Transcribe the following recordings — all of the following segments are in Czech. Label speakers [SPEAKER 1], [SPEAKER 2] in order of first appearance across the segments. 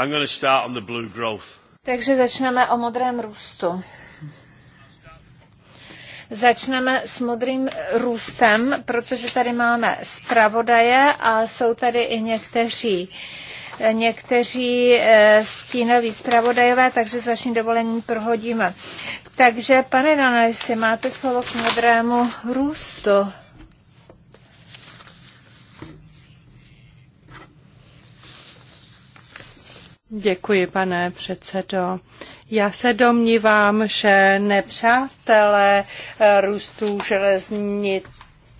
[SPEAKER 1] I'm going to start on the blue growth.
[SPEAKER 2] Takže začneme o modrém růstu. Začneme s modrým růstem, protože tady máme zpravodaje a jsou tady i někteří někteří eh, stínoví zpravodajové, takže s vaším dovolením prohodíme. Takže, pane Danelisi, máte slovo k modrému růstu.
[SPEAKER 1] Děkuji, pane předsedo. Já se domnívám, že nepřátelé eh, růstu železnic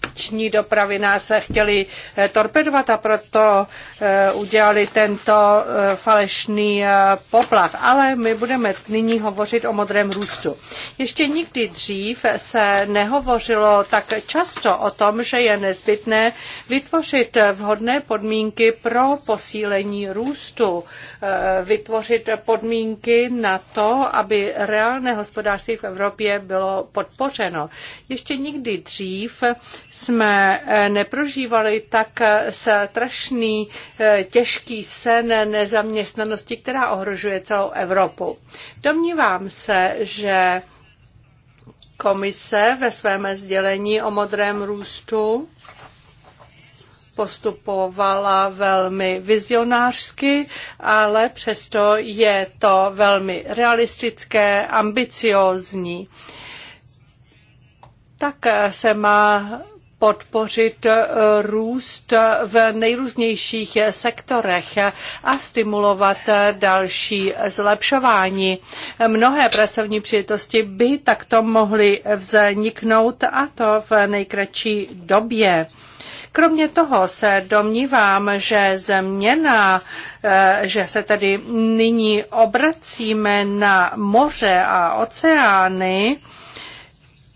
[SPEAKER 1] silniční dopravy nás chtěli eh, torpedovat a proto eh, udělali tento eh, falešný poplach. Ale my budeme nyní hovořit o modrém růstu. Ještě nikdy dřív se nehovořilo tak často o tom, že je nezbytné vytvořit vhodné podmínky pro posílení růstu, vytvořit podmínky na to, aby reálné hospodářství v Evropě bylo podpořeno. Ještě nikdy dřív jsme eh, neprožívali tak eh, strašný eh, těžký sen nezaměstnanosti, která ohrožuje celou Evropu. Domnívám se, že komise ve svém sdělení o modrém růstu postupovala velmi vizionářsky, ale přesto je to velmi realistické, ambiciózní. Tak se má podpořit eh, růst v nejrůznějších sektorech a stimulovat eh, další zlepšování. Mnohé pracovní příležitosti by takto mohly vzniknout a to v nejkratší době. Kromě toho se domnívám, že změna, eh, že se tedy nyní obracíme na moře a oceány,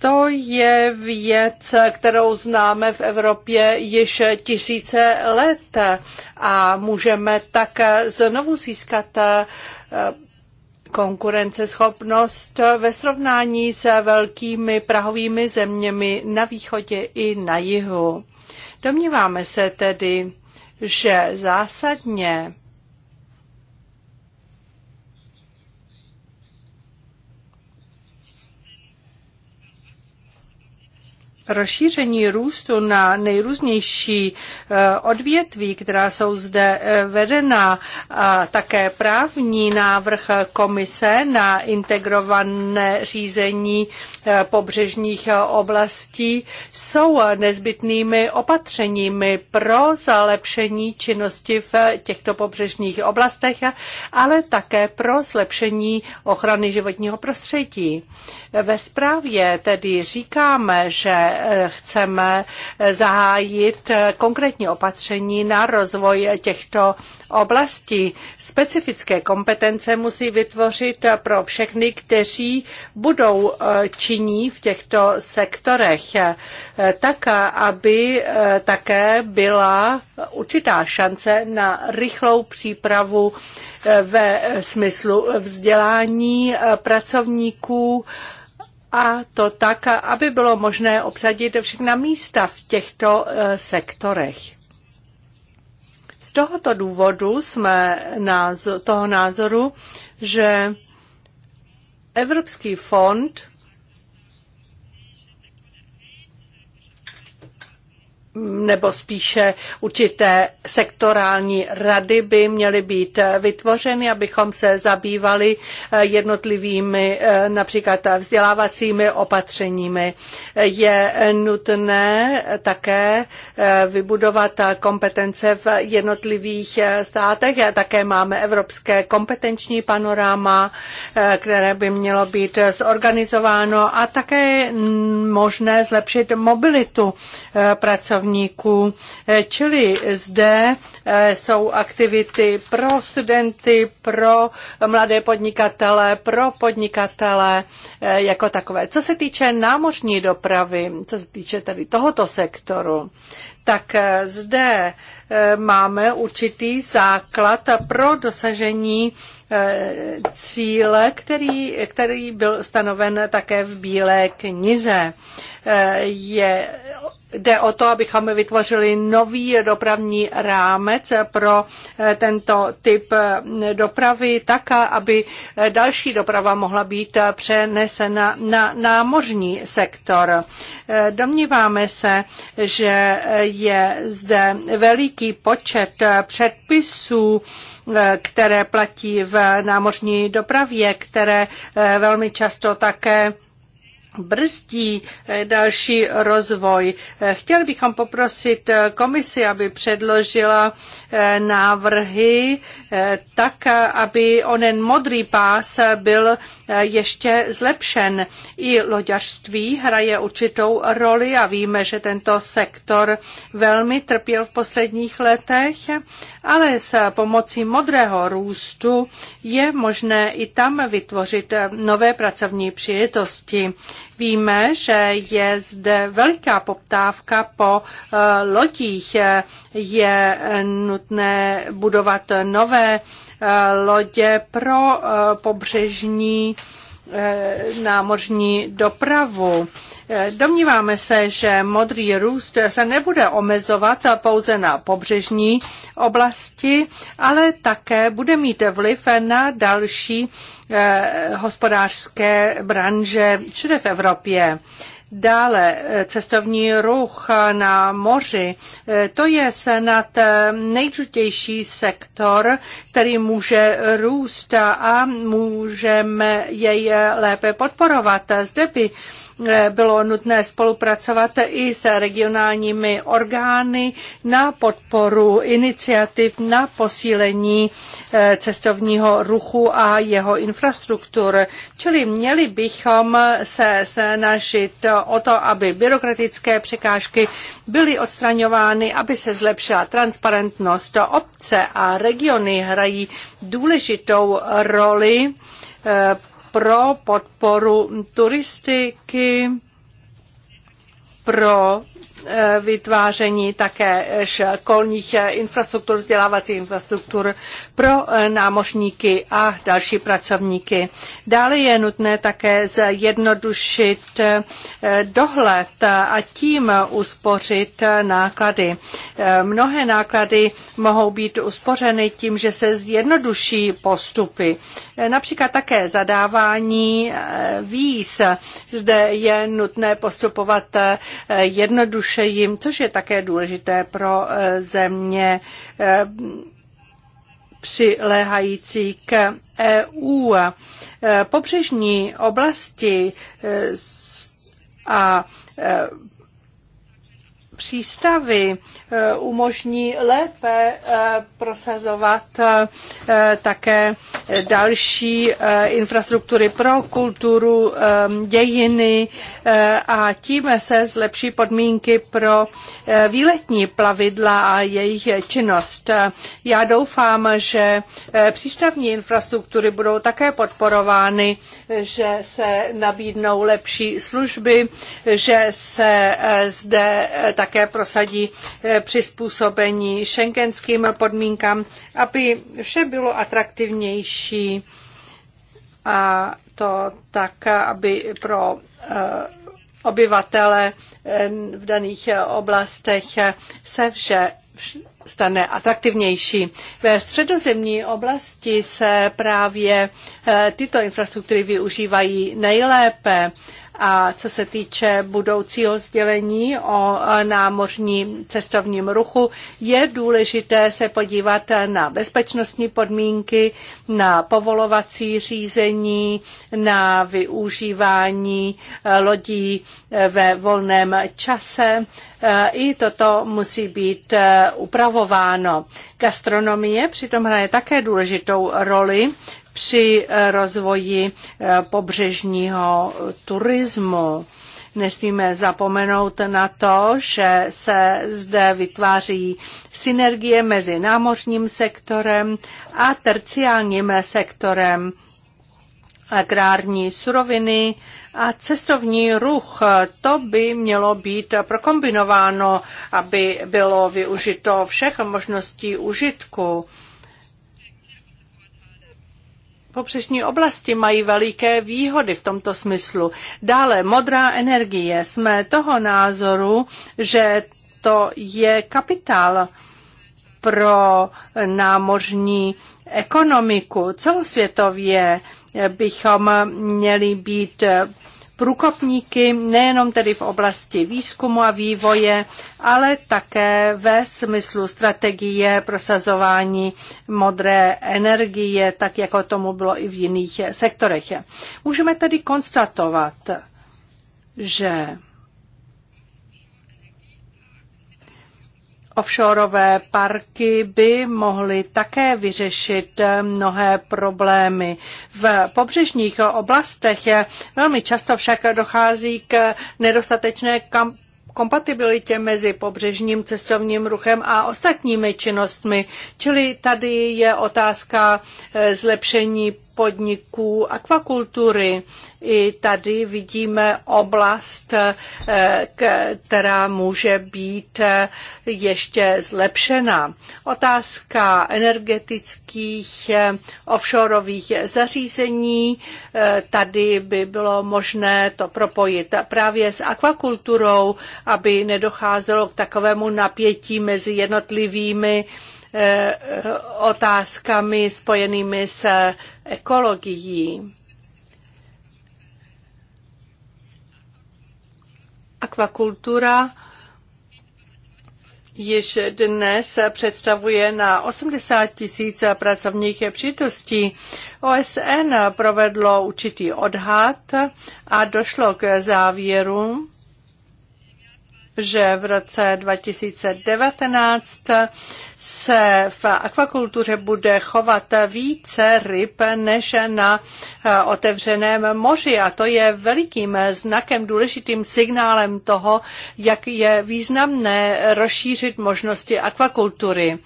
[SPEAKER 1] to je věc, kterou známe v Evropě již tisíce let a můžeme tak znovu získat eh, konkurenceschopnost ve srovnání s velkými prahovými zeměmi na východě i na jihu. Domníváme se tedy, že zásadně rozšíření růstu na nejrůznější eh, odvětví, která jsou zde eh, vedena, a také právní návrh komise na integrované řízení eh, pobřežních oblastí jsou nezbytnými opatřeními pro zalepšení činnosti v těchto pobřežních oblastech, ale také pro zlepšení ochrany životního prostředí. Ve zprávě tedy říkáme, že chceme zahájit konkrétní opatření na rozvoj těchto oblastí. Specifické kompetence musí vytvořit pro všechny, kteří budou eh, činí v těchto sektorech, eh, tak aby eh, také byla určitá šance na rychlou přípravu ve smyslu vzdělání pracovníků, a to tak, aby bylo možné obsadit všechna místa v těchto eh, sektorech. Z tohoto důvodu jsme názor, toho názoru, že Evropský fond nebo spíše určité sektorální rady by měly být vytvořeny, abychom se zabývali eh, jednotlivými eh, například vzdělávacími opatřeními. Je nutné také eh, vybudovat kompetence v jednotlivých státech. Také máme evropské kompetenční panoráma, které by mělo být zorganizováno a také možné zlepšit mobilitu pracovníků právníků. Eh, čili zde eh, jsou aktivity pro studenty, pro mladé podnikatele, pro podnikatele eh, jako takové. Co se týče námořní dopravy, co se týče tady tohoto sektoru, tak zde máme určitý základ pro dosažení cíle, který, který byl stanoven také v Bílé knize. Je Jde o to, abychom vytvořili nový dopravní rámec pro eh, tento typ eh, dopravy, tak, eh, aby další doprava mohla být přenesena na námořní sektor. Domníváme se, že je zde veliký počet předpisů, které platí v námořní dopravě, které velmi často také brzdí eh, další rozvoj. Eh, chtěl bychom poprosit eh, komisi, aby předložila návrhy tak, aby onen modrý pás byl ještě zlepšen. I loďařství hraje určitou roli a víme, že tento sektor velmi trpěl v posledních letech, ale s pomocí modrého růstu je možné i tam vytvořit nové pracovní příležitosti. Víme, že je zde veliká poptávka po eh, lodích. Je nutné budovat nové eh, lodě pro eh, pobřežní Eh, námořní dopravu. Eh, domníváme se, že modrý růst se nebude omezovat pouze na pobřežní oblasti, ale také bude mít vliv na další eh, hospodářské branže všude v Evropě. Dále eh, cestovní ruch na moři. Eh, to je snad eh, nejdůležitější sektor, který může růst a můžeme jej lépe podporovat. Zde by Eh, bylo nutné spolupracovat i s regionálními orgány na podporu iniciativ na posílení eh, cestovního ruchu a jeho infrastruktur. Čili měli bychom se snažit o to, aby byrokratické překážky byly odstraňovány, aby se zlepšila transparentnost. Obce a regiony hrají důležitou roli eh, pro podporu turistiky, pro Eh, vytváření také eh, školních eh, infrastruktur, vzdělávacích infrastruktur pro námořníky a další pracovníky. Dále je nutné také zjednodušit dohled a tím uspořit náklady. Mnohé náklady mohou být uspořeny tím, že se zjednoduší postupy. Například také zadávání víz. Zde je nutné postupovat jednoduše jednoduše jim, což je také důležité pro eh, země eh, přiléhající k EU. Eh, pobřežní oblasti a přístavy eh, umožní lépe eh, prosazovat eh, také další infrastruktury pro kulturu, dějiny a tím se zlepší podmínky pro výletní plavidla a jejich činnost. Já doufám, že přístavní infrastruktury budou také podporovány, že se nabídnou lepší služby, že se zde také také prosadí eh, přizpůsobení šengenským podmínkám, aby vše bylo atraktivnější a to tak, aby pro eh, obyvatele eh, v daných oblastech se vše stane atraktivnější. Ve středozemní oblasti se právě tyto infrastruktury využívají nejlépe a co se týče budoucího sdělení o námořním cestovním ruchu, je důležité se podívat na bezpečnostní podmínky, na povolovací řízení, na využívání lodí ve volném čase. I toto musí být upravováno. Gastronomie přitom hraje také důležitou roli při eh, rozvoji eh, pobřežního turismu. Nesmíme zapomenout na to, že se zde vytváří synergie mezi námořním sektorem a terciálním sektorem agrární suroviny a cestovní ruch. To by mělo být prokombinováno, aby bylo využito všech možností užitku pobřežní oblasti mají veliké výhody v tomto smyslu. Dále modrá energie. Jsme toho názoru, že to je kapitál pro námořní ekonomiku. Celosvětově bychom měli být průkopníky nejenom tedy v oblasti výzkumu a vývoje, ale také ve smyslu strategie prosazování modré energie, tak jako tomu bylo i v jiných sektorech. Můžeme tedy konstatovat, že Offshoreové parky by mohly také vyřešit mnohé problémy. V pobřežních oblastech je velmi často však dochází k nedostatečné kam kompatibilitě mezi pobřežním cestovním ruchem a ostatními činnostmi. Čili tady je otázka eh, zlepšení podniků akvakultury. I tady vidíme oblast, eh, která může být eh, ještě zlepšena. Otázka energetických eh, offshoreových zařízení. Tady by bylo možné to propojit právě s akvakulturou, aby nedocházelo k takovému napětí mezi jednotlivými Eh, otázkami spojenými s ekologií. Akvakultura již dnes představuje na 80 tisíc pracovních přítostí. OSN provedlo určitý odhad a došlo k závěru, že v roce 2019 se v akvakultuře bude chovat více ryb než na eh, otevřeném moři. A to je velikým znakem, důležitým signálem toho, jak je významné rozšířit možnosti akvakultury.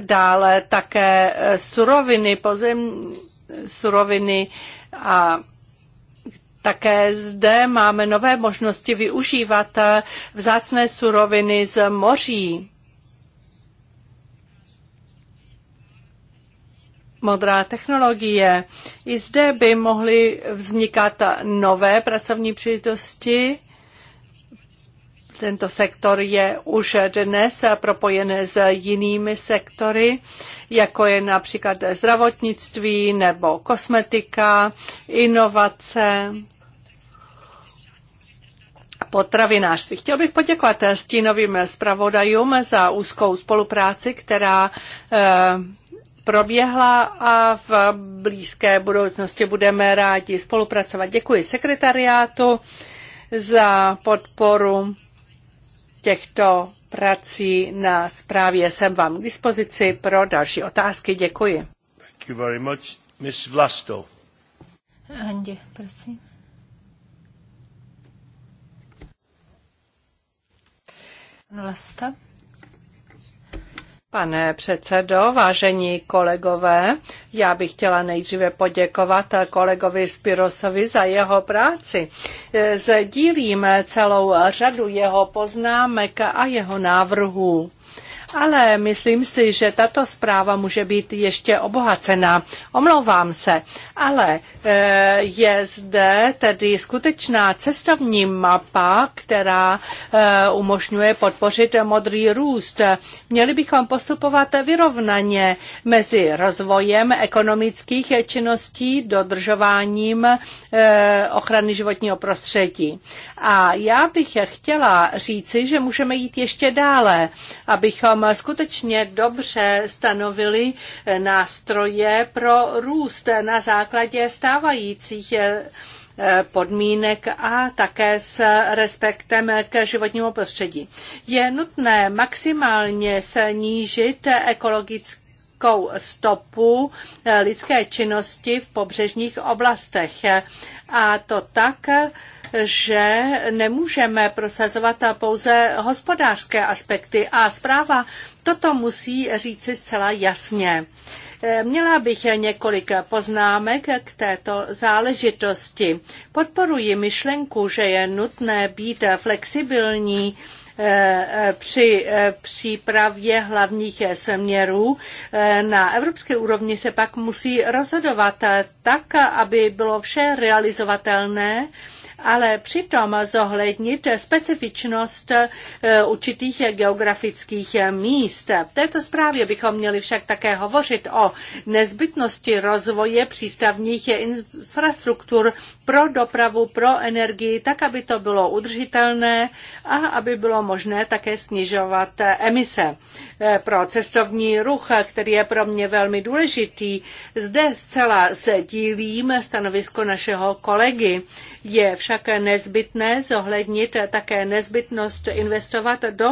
[SPEAKER 1] Dále také suroviny, pozem, suroviny a také zde máme nové možnosti využívat vzácné suroviny z moří. modrá technologie. I zde by mohly vznikat nové pracovní příležitosti. Tento sektor je už dnes propojen s jinými sektory, jako je například zdravotnictví nebo kosmetika, inovace potravinářství. Chtěl bych poděkovat stínovým zpravodajům za úzkou spolupráci, která eh, proběhla a v blízké budoucnosti budeme rádi spolupracovat. Děkuji sekretariátu za podporu těchto prací na zprávě. Jsem vám k dispozici pro další otázky. Děkuji.
[SPEAKER 2] Thank you very much. Ms. Vlasto. Andě, prosím. Vlasta.
[SPEAKER 1] Pane předsedo, vážení kolegové, já bych chtěla nejdříve poděkovat kolegovi Spirosovi za jeho práci. Sdílím celou řadu jeho poznámek a jeho návrhů ale myslím si, že tato zpráva může být ještě obohacená. Omlouvám se, ale e, je zde tedy skutečná cestovní mapa, která e, umožňuje podpořit modrý růst. Měli bychom postupovat vyrovnaně mezi rozvojem ekonomických činností, dodržováním e, ochrany životního prostředí. A já bych chtěla říci, že můžeme jít ještě dále, abychom skutečně dobře stanovili eh, nástroje pro růst na základě stávajících eh, eh, podmínek a také s respektem k životnímu prostředí. Je nutné maximálně snížit ekologický velkou stopu eh, lidské činnosti v pobřežních oblastech. A to tak, že nemůžeme prosazovat pouze hospodářské aspekty a zpráva toto musí říci zcela jasně. Eh, měla bych několik poznámek k této záležitosti. Podporuji myšlenku, že je nutné být flexibilní Eh, eh, při eh, přípravě hlavních směrů na evropské úrovni se pak musí rozhodovat tak, aby bylo vše realizovatelné ale přitom zohlednit specifičnost eh, určitých geografických míst. V této zprávě bychom měli však také hovořit o nezbytnosti rozvoje přístavních infrastruktur pro dopravu, pro energii, tak, aby to bylo udržitelné a aby bylo možné také snižovat emise. Eh, pro cestovní ruch, který je pro mě velmi důležitý, zde zcela sdílím stanovisko našeho kolegy. Je však však nezbytné zohlednit také nezbytnost investovat do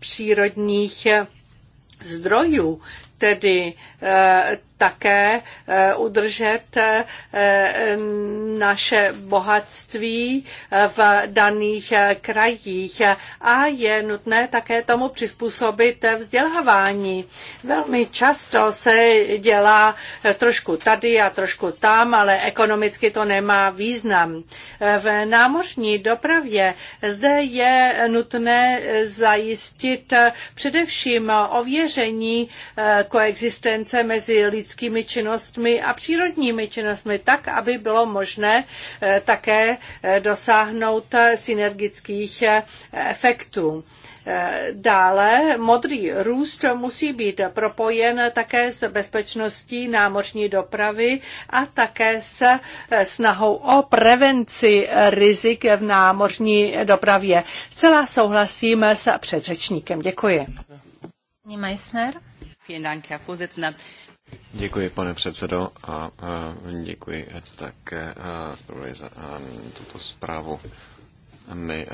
[SPEAKER 1] přírodních zdrojů, tedy eh, také eh, udržet eh, eh, naše bohatství v daných krajích a je nutné také tomu přizpůsobit vzdělávání. Velmi často se dělá trošku tady a trošku tam, ale ekonomicky to nemá význam. V námořní dopravě zde je nutné zajistit především ověření koexistence mezi lidmi lidskými činnostmi a přírodními činnostmi, tak, aby bylo možné eh, také eh, dosáhnout eh, synergických efektů. Dále modrý růst musí být propojen také s bezpečností námořní dopravy a také s snahou o prevenci rizik v námořní dopravě. Zcela souhlasím s předřečníkem. Děkuji.
[SPEAKER 2] Meissner. Vielen Dank, Herr Vorsitzender.
[SPEAKER 3] Děkuji, pane předsedo, a děkuji také zpravodaji za tuto zprávu. My eh,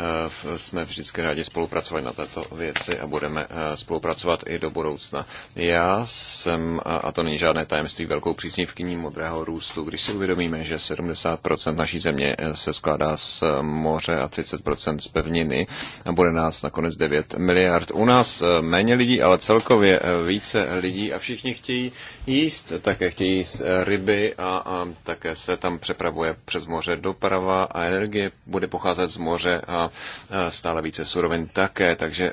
[SPEAKER 3] jsme vždycky rádi spolupracovali na této věci a budeme eh, spolupracovat i do budoucna. Já jsem, eh, a to není žádné tajemství, velkou příznivkyní modrého růstu, když si uvědomíme, že 70% naší země se skládá z moře a 30% z pevniny a bude nás nakonec 9 miliard. U nás méně lidí, ale celkově více lidí a všichni chtějí jíst, také chtějí jíst ryby a, a také se tam přepravuje přes moře doprava a energie bude pocházet z moře moře a stále více surovin také. Takže e,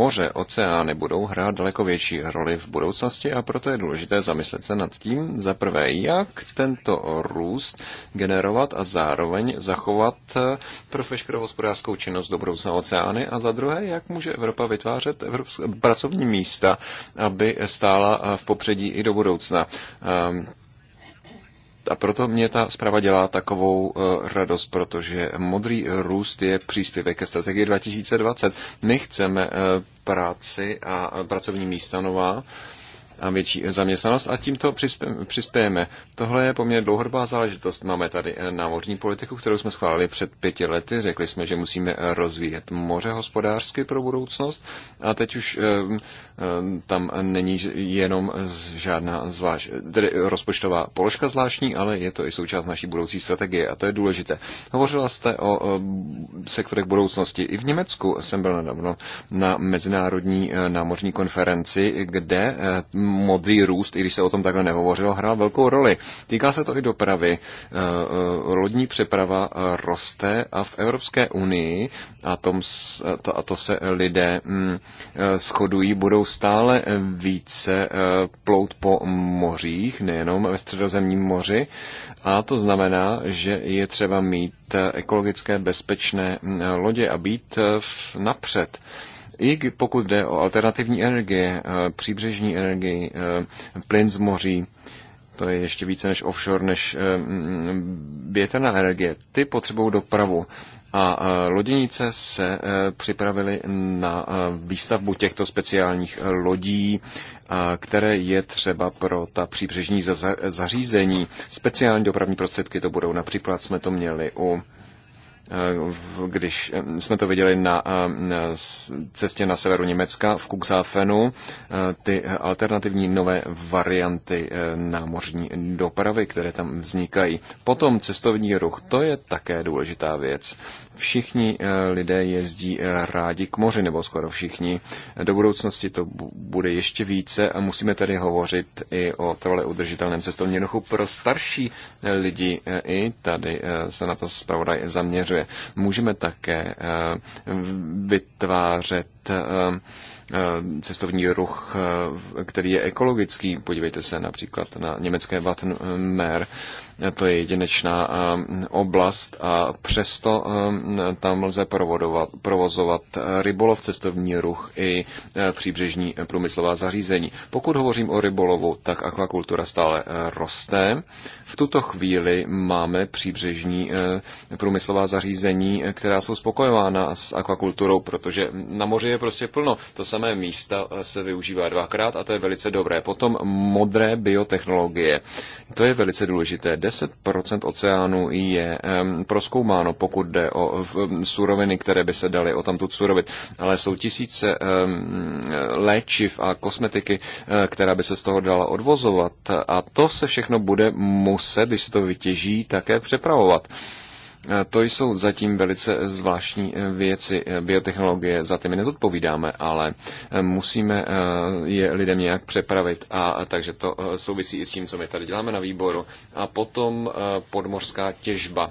[SPEAKER 3] moře, oceány budou hrát daleko větší roli v budoucnosti a proto je důležité zamyslet se nad tím, za prvé, jak tento růst generovat a zároveň zachovat e, pro veškerou hospodářskou činnost do budoucna oceány a za druhé, jak může Evropa vytvářet evropské pracovní místa, aby stála e, v popředí i do budoucna. A proto mě ta zpráva dělá takovou eh, radost, protože modrý růst je příspěvek ke strategii 2020. My chceme eh, práci a eh, pracovní místa nová a větší zaměstnanost a tímto přispějeme. Tohle je poměrně dlouhodobá záležitost. Máme tady eh, námořní politiku, kterou jsme schválili před pěti lety. Řekli jsme, že musíme eh, rozvíjet moře hospodářsky pro budoucnost a teď už eh, tam není jenom žádná zvlášť, tedy rozpočtová položka zvláštní, ale je to i součást naší budoucí strategie a to je důležité. Hovořila jste o sektorech budoucnosti. I v Německu jsem byl nedávno na mezinárodní námořní konferenci, kde modrý růst, i když se o tom takhle nehovořilo, hrál velkou roli. Týká se to i dopravy. Eh, eh, lodní přeprava eh, roste a v Evropské unii, a, tom, a to se lidé hm, shodují, budou stále více plout po mořích, nejenom ve středozemním moři. A to znamená, že je třeba mít ekologické bezpečné hm, lodě a být napřed. I pokud jde o alternativní energie, eh, příbřežní energii, eh, plyn z moří, to je ještě více než offshore, než eh, větrná energie. Ty potřebují dopravu. A loděnice se připravily na výstavbu těchto speciálních lodí, které je třeba pro ta příbřežní zařízení. Speciální dopravní prostředky to budou. Například jsme to měli u Eh, když eh, jsme to viděli na eh, cestě na severu Německa v Kuxáfenu, ty alternativní nové varianty námořní dopravy, které tam vznikají. Potom cestovní ruch, to je také důležitá věc. Všichni eh, lidé jezdí eh, rádi k moři, nebo skoro všichni. Do budoucnosti to bude ještě více a musíme tady hovořit i o trvale udržitelném cestovním ruchu pro starší eh, lidi. I tady se na to zpravodaj zaměřuje. Můžeme také vytvářet cestovní ruch, který je ekologický. Podívejte se například na německé Wattenmeer. To je jedinečná ehm, oblast a přesto ehm, tam lze provozovat eh, rybolov, cestovní ruch i eh, příbřežní průmyslová zařízení. Pokud hovořím o rybolovu, tak akvakultura stále eh, roste. V tuto chvíli máme příbřežní průmyslová zařízení, která jsou spokojována s akvakulturou, protože na moři je prostě plno. To samé místa se využívá dvakrát a to je velice dobré. Potom modré biotechnologie. To je velice důležité. 10% oceánu je proskoumáno, pokud jde o suroviny, které by se daly o tamtud surovit, ale jsou tisíce léčiv a kosmetiky, eh, která by se z toho dala odvozovat a to se všechno bude muset, když se to vytěží, také přepravovat. Eh, to jsou zatím velice eh, zvláštní eh, věci biotechnologie, za ty my nezodpovídáme, ale musíme je lidem nějak přepravit a takže to souvisí i s tím, co my tady děláme na výboru. A potom podmořská těžba,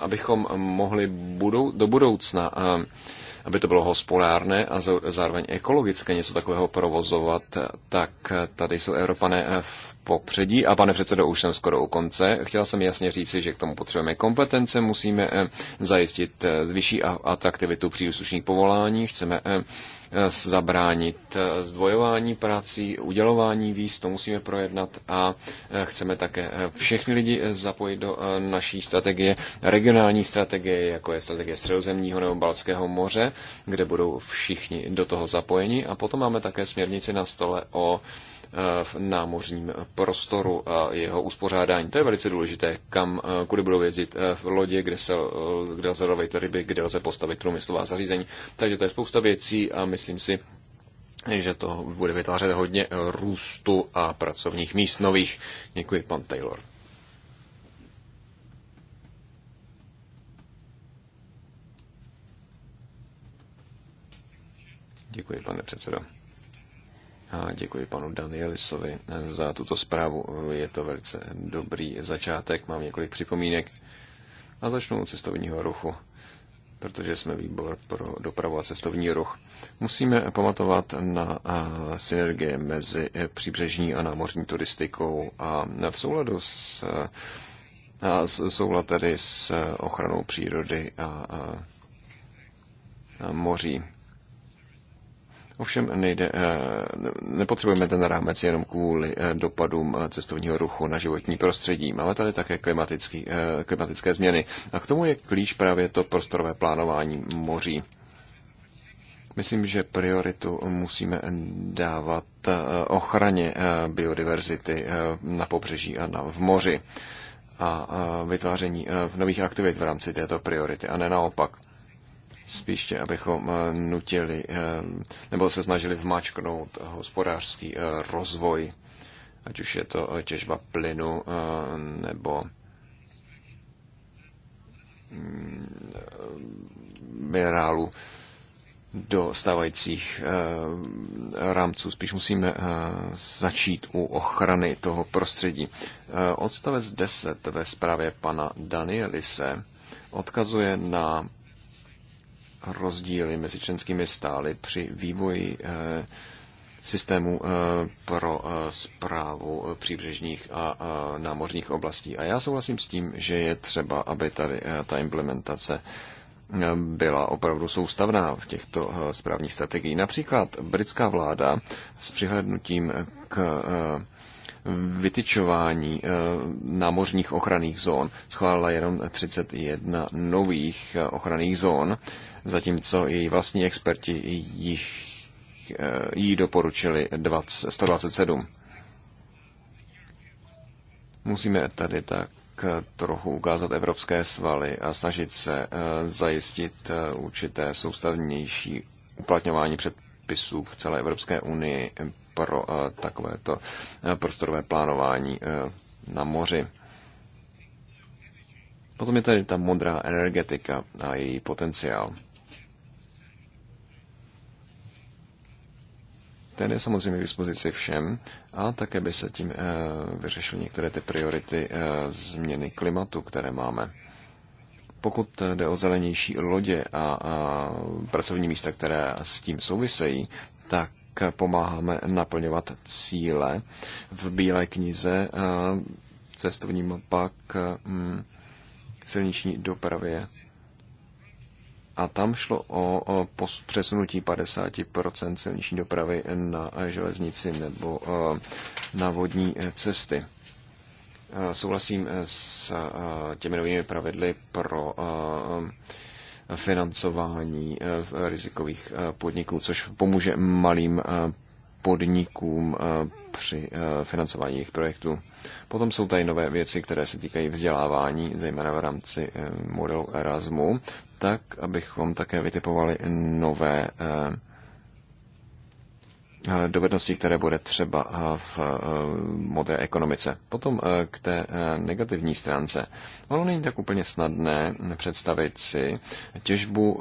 [SPEAKER 3] abychom mohli budou, do budoucna aby to bylo hospodárné a zároveň ekologické něco takového provozovat, tak tady jsou Evropané v popředí. A pane předsedo, už jsem skoro u konce. Chtěl jsem jasně říci, že k tomu potřebujeme kompetence, musíme eh, zajistit eh, vyšší atraktivitu příslušných povolání, chceme eh, zabránit zdvojování prací, udělování víz, to musíme projednat a chceme také všechny lidi zapojit do naší strategie, regionální strategie, jako je strategie Středozemního nebo Balckého moře, kde budou všichni do toho zapojeni. A potom máme také směrnici na stole o v námořním prostoru a jeho uspořádání. To je velice důležité, kam, eh, kudy budou jezdit eh, v lodě, kde, se, eh, kde lze lovit ryby, kde lze postavit průmyslová zařízení. Takže to je spousta věcí a myslím si, že to bude vytvářet hodně růstu a pracovních míst nových. Děkuji, pan Taylor. Děkuji, pane předsedo a děkuji panu Danielisovi eh, za tuto zprávu. Eh, je to velice dobrý začátek, mám několik připomínek a začnu od cestovního ruchu protože jsme výbor pro dopravu a cestovní ruch. Musíme pamatovat na eh, synergie mezi příbřežní a námořní turistikou a v souladu s a soulad tedy s ochranou přírody a, a, a moří. Ovšem nejde, eh, nepotřebujeme ten rámec jenom kvůli eh, dopadům eh, cestovního ruchu na životní prostředí. Máme tady také klimatický, klimatické změny. A k tomu je klíč právě to prostorové plánování moří. Myslím, že prioritu musíme dávat ochraně biodiverzity na pobřeží a na, v moři a vytváření nových aktivit v rámci této priority, a ne naopak spíše abychom eh, nutili eh, nebo se snažili vmačknout hospodářský eh, rozvoj, ať už je to těžba plynu nebo mm, minerálu do stávajících rámců. Spíš musíme začít u ochrany toho prostředí. Odstavec 10 ve zprávě pana Danielise odkazuje na rozdíly mezi členskými stály při vývoji eh, systému eh, pro zprávu eh, příbřežních a námořních oblastí. A já souhlasím s tím, že je třeba, aby tady ta implementace byla opravdu soustavná v těchto správních strategiích. Například britská vláda s přihlednutím k vytyčování eh, námořních ochranných zón schválila jenom 31 nových eh, ochranných zón, zatímco její vlastní experti jich, eh, jí doporučili 127. Musíme tady tak trochu ukázat evropské svaly a snažit se zajistit určité soustavnější uplatňování předpisů v celé Evropské unii pro eh, takovéto eh, prostorové plánování eh, na moři. Potom je tady ta modrá energetika a její potenciál. Ten je samozřejmě k dispozici všem a také by se tím e, vyřešily některé ty priority e, změny klimatu, které máme. Pokud jde o zelenější lodě a, a pracovní místa, které s tím souvisejí, tak pomáháme naplňovat cíle. V Bílé knize eh, cestovní mapa k hm, silniční dopravě. A tam šlo o, o přesunutí 50% silniční dopravy na železnici nebo eh, na vodní eh, cesty. Souhlasím s těmi novými pravidly pro financování eh, eh, rizikových eh, podniků, což pomůže malým podnikům při financování jejich projektů. Potom jsou tady nové věci, které se týkají vzdělávání, zejména v rámci modelu Erasmu, tak abychom také vytipovali nové Eh, dovedností, které bude třeba eh, v eh, modré ekonomice. Potom k té negativní stránce. Ono není tak úplně snadné představit si těžbu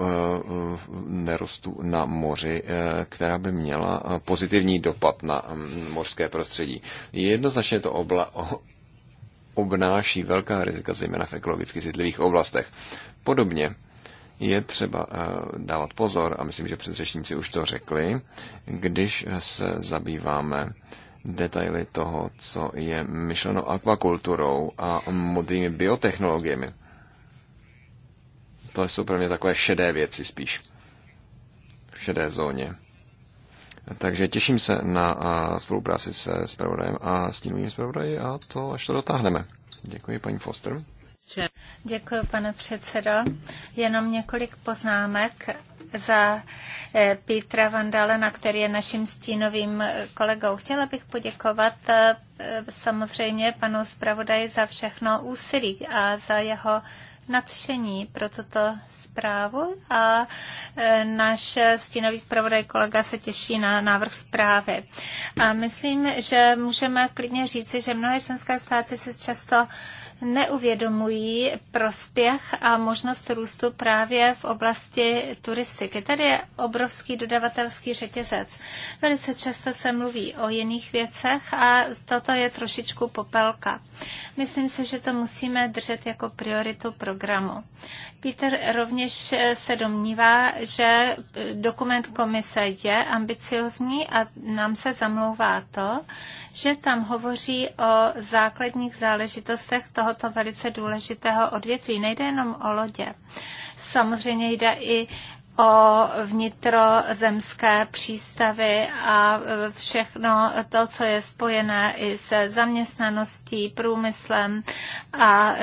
[SPEAKER 3] nerostu na moři, která by měla pozitivní dopad na mm, mořské prostředí. Jednoznačně to obla, obnáší velká rizika, zejména v ekologicky citlivých oblastech. Podobně je třeba eh, dávat pozor, a myslím, že předřečníci už to řekli, když se zabýváme detaily toho, co je myšleno akvakulturou a modrými biotechnologiemi. To jsou pro mě takové šedé věci spíš. V šedé zóně. Takže těším se na eh, spolupráci se zpravodajem a stínovým zpravodaji a to, až to dotáhneme. Děkuji, paní Foster.
[SPEAKER 2] Děkuji, pane předsedo. Jenom několik poznámek za eh, Petra Vandalena, který je naším stínovým eh, kolegou. Chtěla bych poděkovat eh, samozřejmě panu zpravodaji za všechno úsilí a za jeho nadšení pro tuto zprávu a náš stínový zpravodaj kolega se těší na návrh zprávy. A myslím, že můžeme klidně říci, že mnohé členské státy se často neuvědomují prospěch a možnost růstu právě v oblasti turistiky. Tady je obrovský dodavatelský řetězec. Velice často se mluví o jiných věcech a toto je trošičku popelka. Myslím si, že to musíme držet jako prioritu programu. Peter rovněž se domnívá, že dokument komise je ambiciozní a nám se zamlouvá to, že tam hovoří o základních záležitostech toho, tohoto velice důležitého odvětví. Nejde jenom o lodě. Samozřejmě jde i o vnitrozemské přístavy a všechno to, co je spojené i se zaměstnaností, průmyslem. A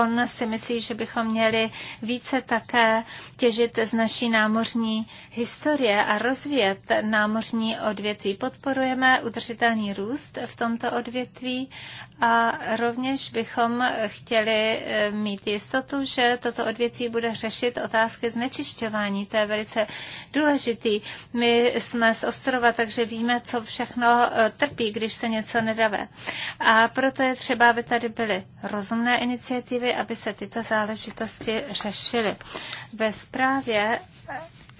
[SPEAKER 2] on si myslí, že bychom měli více také těžit z naší námořní historie a rozvíjet námořní odvětví. Podporujeme udržitelný růst v tomto odvětví a rovněž bychom chtěli eh, mít jistotu, že toto odvětví bude řešit otázky znečišťování. To je velice důležitý. My jsme z ostrova, takže víme, co všechno eh, trpí, když se něco nedave. A proto je třeba, aby tady byly rozumné iniciativy, aby se tyto záležitosti řešily. Ve zprávě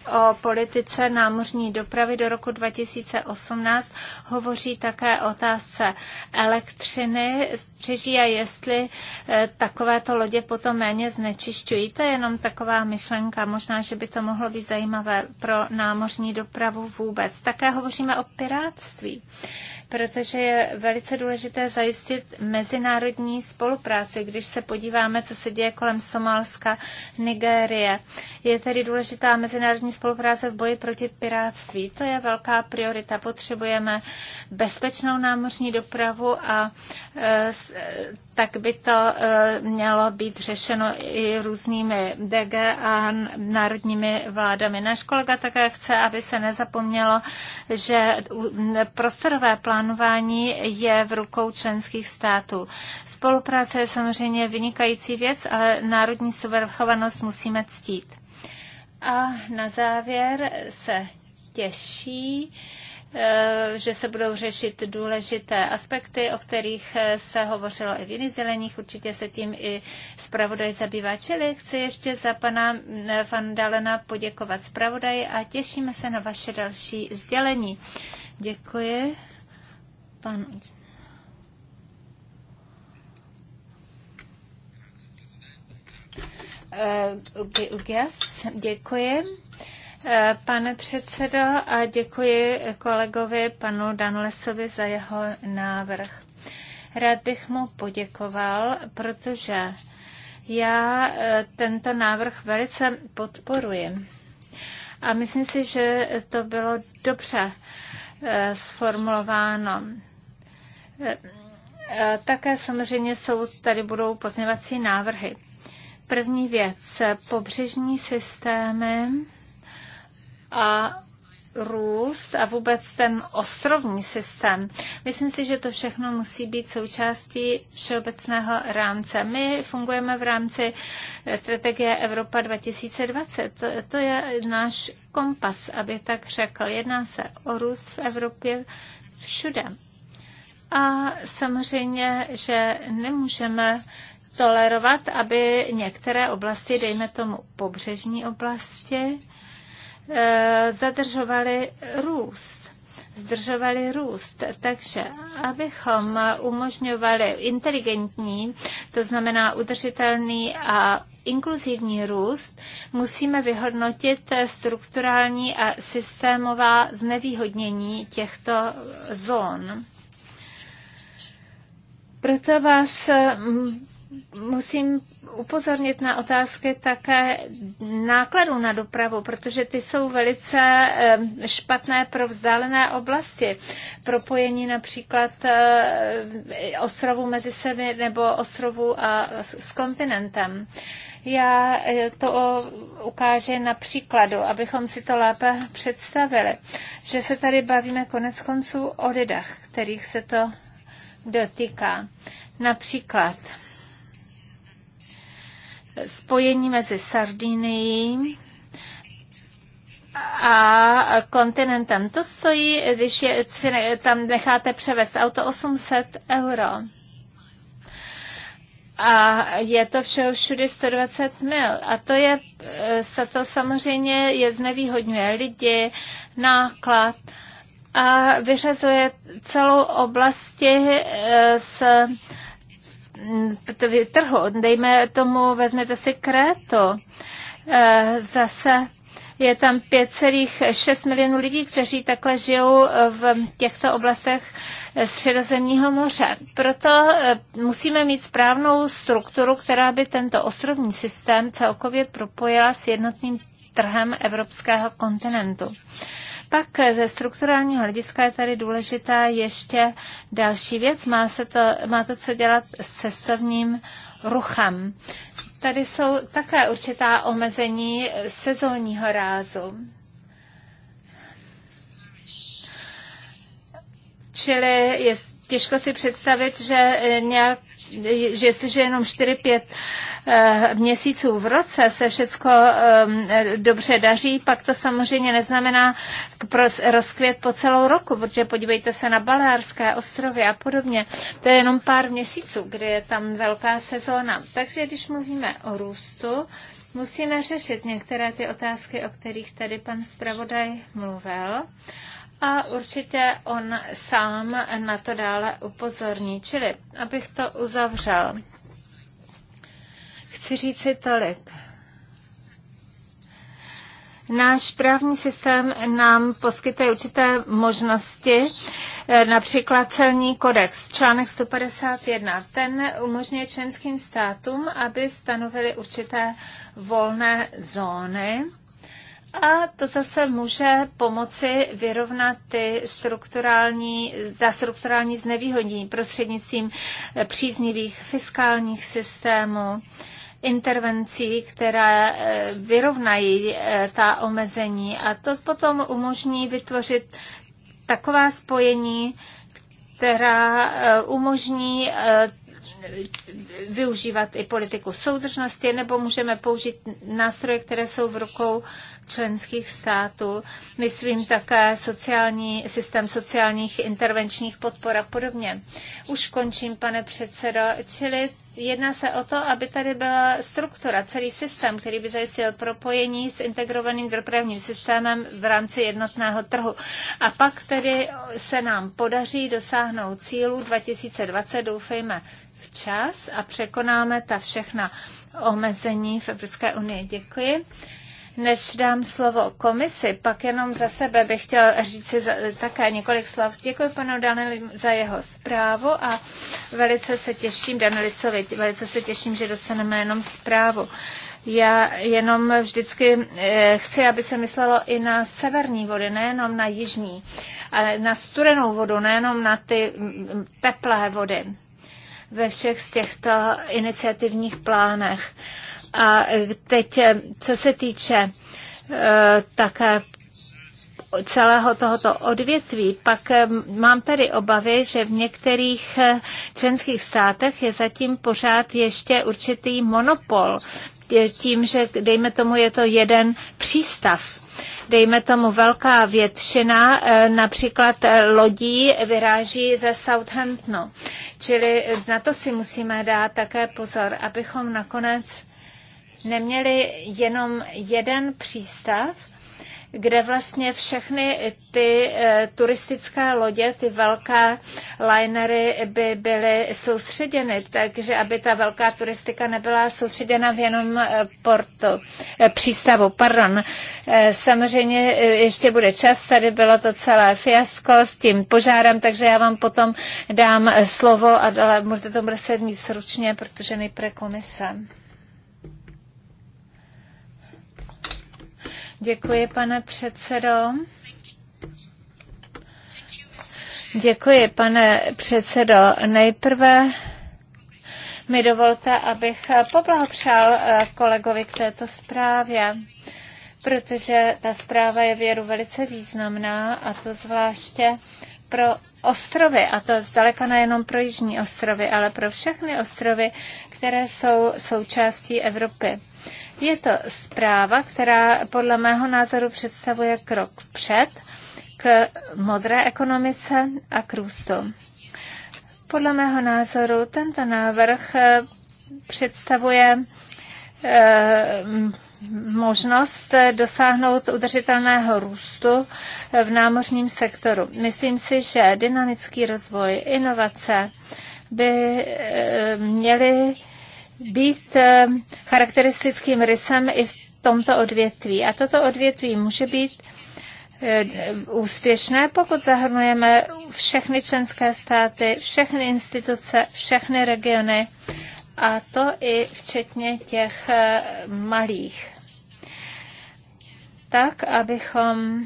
[SPEAKER 2] o politice námořní dopravy do roku 2018 hovoří také o otázce elektřiny z břeží a jestli eh, takovéto lodě potom méně znečišťují. To je jenom taková myšlenka. Možná, že by to mohlo být zajímavé pro námořní dopravu vůbec. Také hovoříme o piráctví protože je velice důležité zajistit mezinárodní spolupráci, když se podíváme, co se děje kolem Somálska, Nigérie. Je tedy důležitá mezinárodní mezinárodní spolupráce v boji proti pirátství. To je velká priorita. Potřebujeme bezpečnou námořní dopravu a e, e, tak by to e, mělo být řešeno i různými DG a národními vládami. Náš kolega také chce, aby se nezapomnělo, že prostorové plánování je v rukou členských států. Spolupráce je samozřejmě vynikající věc, ale národní suverovanost musíme ctít. A na závěr se těší, eh, že se budou řešit důležité aspekty, o kterých eh, se hovořilo i v jiných zeleních. Určitě se tím i zpravodaj zabývá. Čili chci ještě za pana eh, Van Dalena poděkovat zpravodaji a těšíme se na vaše další sdělení. Děkuji. Pan Eh, Ugias. Děkuji. Eh, pane předsedo, a děkuji kolegovi panu Danlesovi za jeho návrh. Rád bych mu poděkoval, protože já eh, tento návrh velice podporuji. A myslím si, že to bylo dobře sformulováno. Také samozřejmě jsou, tady budou pozměvací návrhy. První věc, pobřežní systémy a růst a vůbec ten ostrovní systém. Myslím si, že to všechno musí být součástí všeobecného rámce. My fungujeme v rámci strategie Evropa 2020. To, to je náš kompas, aby tak řekl. Jedná se o růst v Evropě všude. A samozřejmě, že nemůžeme tolerovat, aby některé oblasti, dejme tomu pobřežní oblasti, e, zadržovaly růst zdržovali růst. Takže abychom umožňovali inteligentní, to znamená udržitelný a inkluzivní růst, musíme vyhodnotit strukturální a systémová znevýhodnění těchto zón. Proto vás musím upozornit na otázky také nákladů na dopravu, protože ty jsou velice špatné pro vzdálené oblasti. Propojení například eh, ostrovů mezi sebou nebo ostrovů a s kontinentem. Já eh, to ukážu na příkladu, abychom si to lépe představili, že se tady bavíme konec konců o lidech, kterých se to dotýká. Například spojení mezi Sardinií a kontinentem. To stojí, když je, tam necháte převést auto 800 euro. A je to všeho všude 120 mil. A to je, eh, se to samozřejmě je znevýhodňuje lidi, náklad a vyřazuje celou oblasti z eh, trhu. Dejme tomu, vezmete si Kréto. Eh, zase je tam 5,6 milionů lidí, kteří takhle žijou eh, v těchto oblastech eh, Středozemního moře. Proto musíme mít správnou strukturu, která by tento ostrovní systém celkově propojila s jednotným trhem evropského kontinentu. Pak ze strukturálního hlediska je tady důležitá ještě další věc. Má, se to, má to co dělat s cestovním ruchem. Tady jsou také určitá omezení sezónního rázu. Čili je těžko si představit, že nějak že jestliže jenom 4-5 eh, měsíců v roce se všechno ehm, dobře daří, pak to samozřejmě neznamená rozkvět po celou roku, protože podívejte se na Balearské ostrovy a podobně. To je jenom pár měsíců, kdy je tam velká sezóna. Takže když mluvíme o růstu, musíme řešit některé ty otázky, o kterých tady pan zpravodaj mluvil a určitě on sám na to dále upozorní. Čili, abych to uzavřel, chci říci tolik. Náš právní systém nám poskytuje určité možnosti, eh, například celní kodex, článek 151. Ten umožňuje členským státům, aby stanovili určité volné zóny, a to zase může pomoci vyrovnat ty strukturální, ta strukturální znevýhodnění prostřednictvím eh, příznivých fiskálních systémů, intervencí, které eh, vyrovnají eh, ta omezení. A to potom umožní vytvořit taková spojení, která umožní využívat i politiku soudržnosti, nebo můžeme použít nástroje, které jsou v rukou členských států. Myslím také sociální, systém sociálních intervenčních podpor a podobně. Už končím, pane předsedo, čili Jedná se o to, aby tady byla struktura, celý systém, který by zajistil propojení s integrovaným dopravním systémem v rámci jednotného trhu. A pak tedy se nám podaří dosáhnout cílu 2020, doufejme, včas a překonáme ta všechna omezení v Evropské unii. Děkuji. Než dám slovo komisi, pak jenom za sebe bych chtěla říct také několik slov. Děkuji panu Daneli za jeho zprávu a velice se těším, Danelisovi, velice se těším, že dostaneme jenom zprávu. Já jenom vždycky eh, chci, aby se myslelo i na severní vody, nejenom na jižní, ale na studenou vodu, nejenom na ty mm, mm, teplé vody ve všech z těchto iniciativních plánech. A teď, co se týče eh, také eh, celého tohoto odvětví, pak eh, mám tady obavy, že v některých členských státech je zatím pořád ještě určitý monopol tím, že dejme tomu je to jeden přístav. Dejme tomu velká většina, například lodí vyráží ze Southamptonu. Čili na to si musíme dát také pozor, abychom nakonec neměli jenom jeden přístav, kde vlastně všechny ty eh, turistické lodě, ty velké linery by byly soustředěny, takže aby ta velká turistika nebyla soustředěna v jenom eh, portu, eh, přístavu. Pardon. Samozřejmě ještě bude čas, tady bylo to celé fiasko s tím požárem, takže já vám potom dám slovo a dále, můžete to bude mít sručně, protože nejprve komise. Děkuji, pane předsedo. Děkuji, pane předsedo. Nejprve mi dovolte, abych poblahopřál eh, kolegovi k této zprávě, protože ta zpráva je věru velice významná a to zvláště pro ostrovy, a to zdaleka nejenom pro jižní ostrovy, ale pro všechny ostrovy, které jsou součástí Evropy. Je to zpráva, která podle mého názoru představuje krok před k modré ekonomice a k růstu. Podle mého názoru tento návrh představuje Eh, možnost dosáhnout udržitelného růstu v námořním sektoru. Myslím si, že dynamický rozvoj, inovace by eh, měly být eh, charakteristickým rysem i v tomto odvětví. A toto odvětví může být úspěšné, pokud zahrnujeme všechny členské státy, všechny instituce, všechny regiony a to i včetně těch eh, malých. Tak, abychom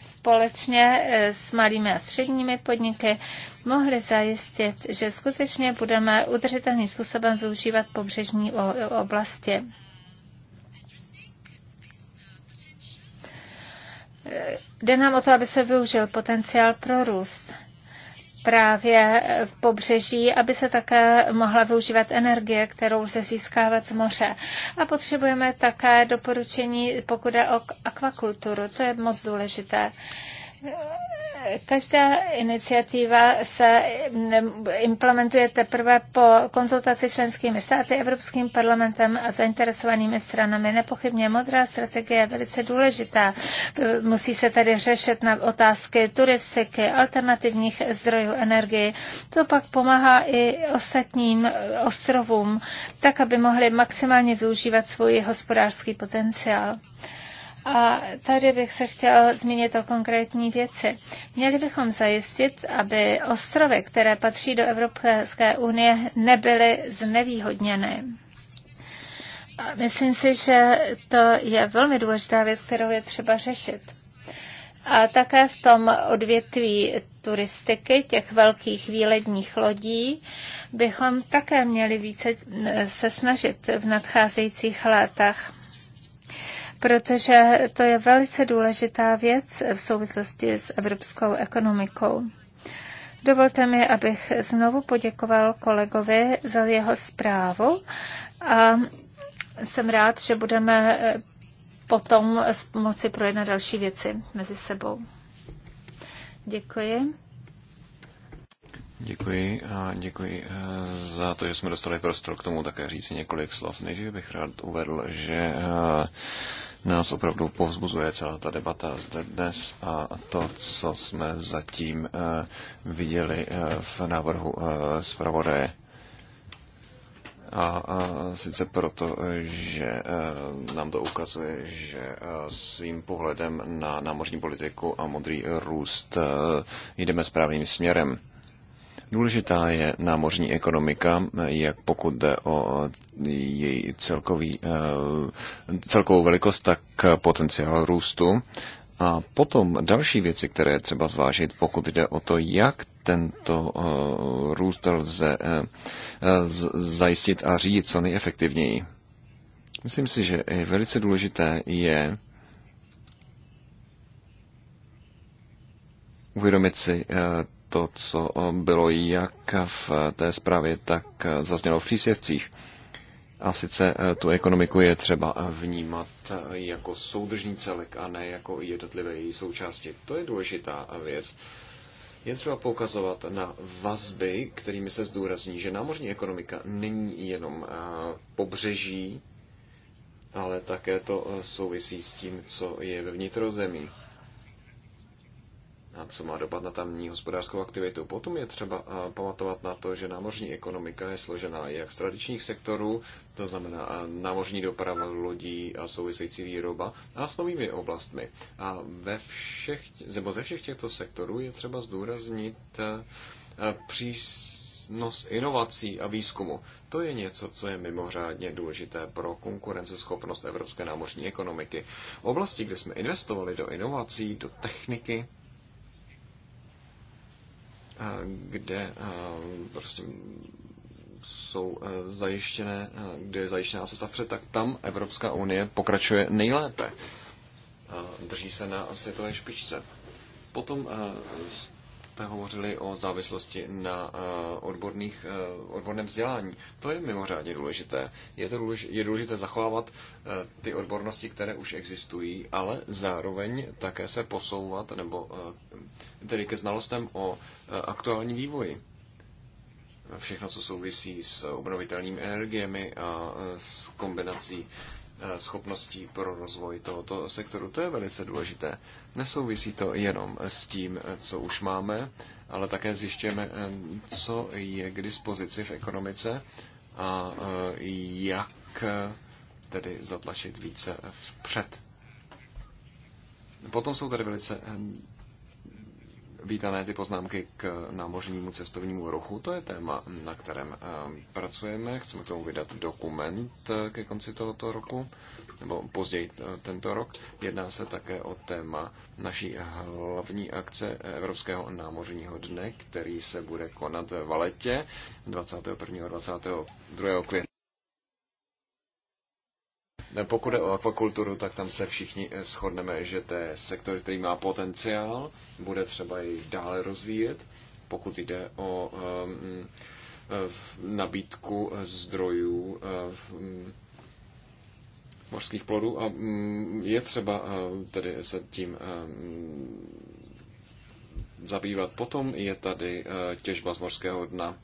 [SPEAKER 2] společně eh, s malými a středními podniky mohli zajistit, že skutečně budeme udržitelným způsobem využívat pobřežní oblasti. Eh, jde nám o to, aby se využil potenciál pro růst právě v pobřeží, aby se také mohla využívat energie, kterou lze získávat z moře. A potřebujeme také doporučení, pokud je o akvakulturu, to je moc důležité Každá iniciativa se mm, implementuje teprve po konzultaci členskými státy, Evropským parlamentem a zainteresovanými stranami. Nepochybně modrá strategie je velice důležitá. Musí se tady řešit na otázky turistiky, alternativních zdrojů energie. To pak pomáhá i ostatním ostrovům, tak aby mohli maximálně využívat svůj hospodářský potenciál. A tady bych se chtěl zmínit o konkrétní věci. Měli bychom zajistit, aby ostrovy, které patří do Evropské unie, nebyly znevýhodněny. A myslím si, že to je velmi důležitá věc, kterou je třeba řešit. A také v tom odvětví turistiky, těch velkých výledních lodí, bychom také měli více se snažit v nadcházejících letech protože to je velice důležitá věc v souvislosti s evropskou ekonomikou. Dovolte mi, abych znovu poděkoval kolegovi za jeho zprávu a jsem rád, že budeme eh, potom moci projednat další věci mezi sebou. Děkuji.
[SPEAKER 3] Děkuji a děkuji eh, za to, že jsme dostali prostor k tomu také říci několik slov. Nejdříve bych rád uvedl, že eh, nás opravdu povzbuzuje celá ta debata zde dnes a to, co jsme zatím eh, viděli eh, v návrhu eh, zpravodaje. A, a sice proto, že nám to ukazuje, že svým pohledem na námořní politiku a modrý růst jdeme správným směrem. Důležitá je námořní ekonomika, jak pokud jde o její celkový, e, celkovou velikost, tak potenciál růstu. A potom další věci, které je třeba zvážit, pokud jde o to, jak tento e, růst lze e, zajistit a řídit co nejefektivněji. Myslím si, že velice důležité je uvědomit si to, co eh, bylo jak v té zprávě, tak eh, zaznělo v přísvědcích. A sice eh, tu ekonomiku je třeba vnímat jako soudržný celek a ne jako jednotlivé její součásti. To je důležitá věc. Je třeba poukazovat na vazby, kterými se zdůrazní, že námořní ekonomika není jenom pobřeží, ale také to souvisí s tím, co je ve vnitrozemí a co má dopad na tamní hospodářskou aktivitu. Potom je třeba pamatovat na to, že námořní ekonomika je složená jak z tradičních sektorů, to znamená námořní doprava lodí a související výroba, a s novými oblastmi. A ve všech, nebo ze všech těchto sektorů je třeba zdůraznit přísnost inovací a výzkumu. To je něco, co je mimořádně důležité pro konkurenceschopnost evropské námořní ekonomiky. Oblasti, kde jsme investovali do inovací, do techniky, kde prostě jsou e, zajištěné, kde je zajištěná cesta vpřed, tak tam Evropská unie pokračuje nejlépe. Drží se na světové špičce. Potom e, hovořili o závislosti na eh, odborných, eh, odborném vzdělání. To je mimořádně důležité. Je, to důležité, je důležité zachovávat eh, ty odbornosti, které už existují, ale zároveň také se posouvat nebo tedy ke znalostem o aktuální vývoji. Všechno, co souvisí s obnovitelnými energiemi a s kombinací schopností pro rozvoj tohoto sektoru. To je velice důležité. Nesouvisí to jenom s tím, co už máme, ale také zjišťujeme, co je k dispozici v ekonomice a eh, jak eh, tedy zatlačit více vpřed. Potom jsou tady velice eh, vítané ty poznámky k námořnímu cestovnímu ruchu. To je téma, na kterém pracujeme. Chceme k tomu vydat dokument ke konci tohoto roku nebo později eh, tento rok. Jedná se také o téma naší hlavní akce Evropského námořního dne, který se bude konat ve Valetě 21. a 22. května. Eh, pokud je o akvakulturu, tak tam se všichni eh, shodneme, že to je sektor, který má potenciál, bude třeba jej dále rozvíjet. Pokud jde o um, nabídku zdrojů, v, mm, mořských plodů a mm, je třeba eh, tedy se tím eh, zabývat. Potom je tady eh, těžba z mořského dna.